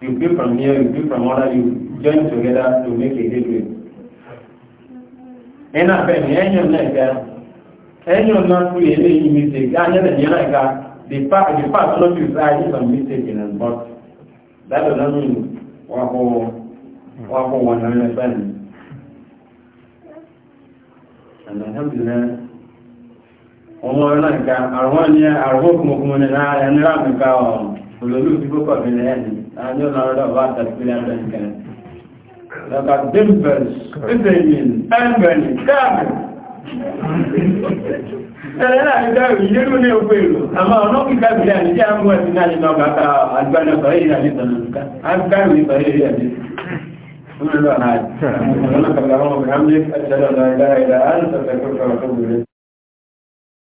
[SPEAKER 1] You pay from here, you pay from other, you join together to make a gateway. Ẹnà bẹ̀rẹ̀ ẹ̀yàn náà ẹ̀ka ẹ̀yàn náà fún ilé yìí mistake, ẹ̀yàn náà ẹ̀ka the past the past not is I did some mistake in it, but that does not mean wàhó wàhó wọn náà ẹ̀fẹ́ ni. And alhamdulillah, ọmọ náà ẹ̀ka àrùn wọn ni àrùn kùmọ̀kùmọ̀ ní náà ẹni rà mí ká ọ̀ olólùfẹ́ kọ́kọ́ mi lẹ́yìn. Anyo na wada ba ta kila da kan. Daga dimples, ibeyin, embeni, dami. Tẹ̀lé náà ní dáwì yírú ní òkú ìlú, àmọ́ ọ̀nà kíkà bìí àti tí a ń wọ́n ti náà nínú ọgbà ká àgbàna sọ̀rọ̀ ìrìn àti ìtọ̀nà nǹkan. A ń gbáwì sọ̀rọ̀ ìrìn àti
[SPEAKER 2] ìtọ̀nà nǹkan. Ọ̀nà kàbàrà ọmọ bìí àmì ẹ̀ṣẹ̀lẹ̀ ọ̀dọ̀ ìdára ìdára, a ń sọ̀rọ̀ ìkọ̀ọ̀kọ̀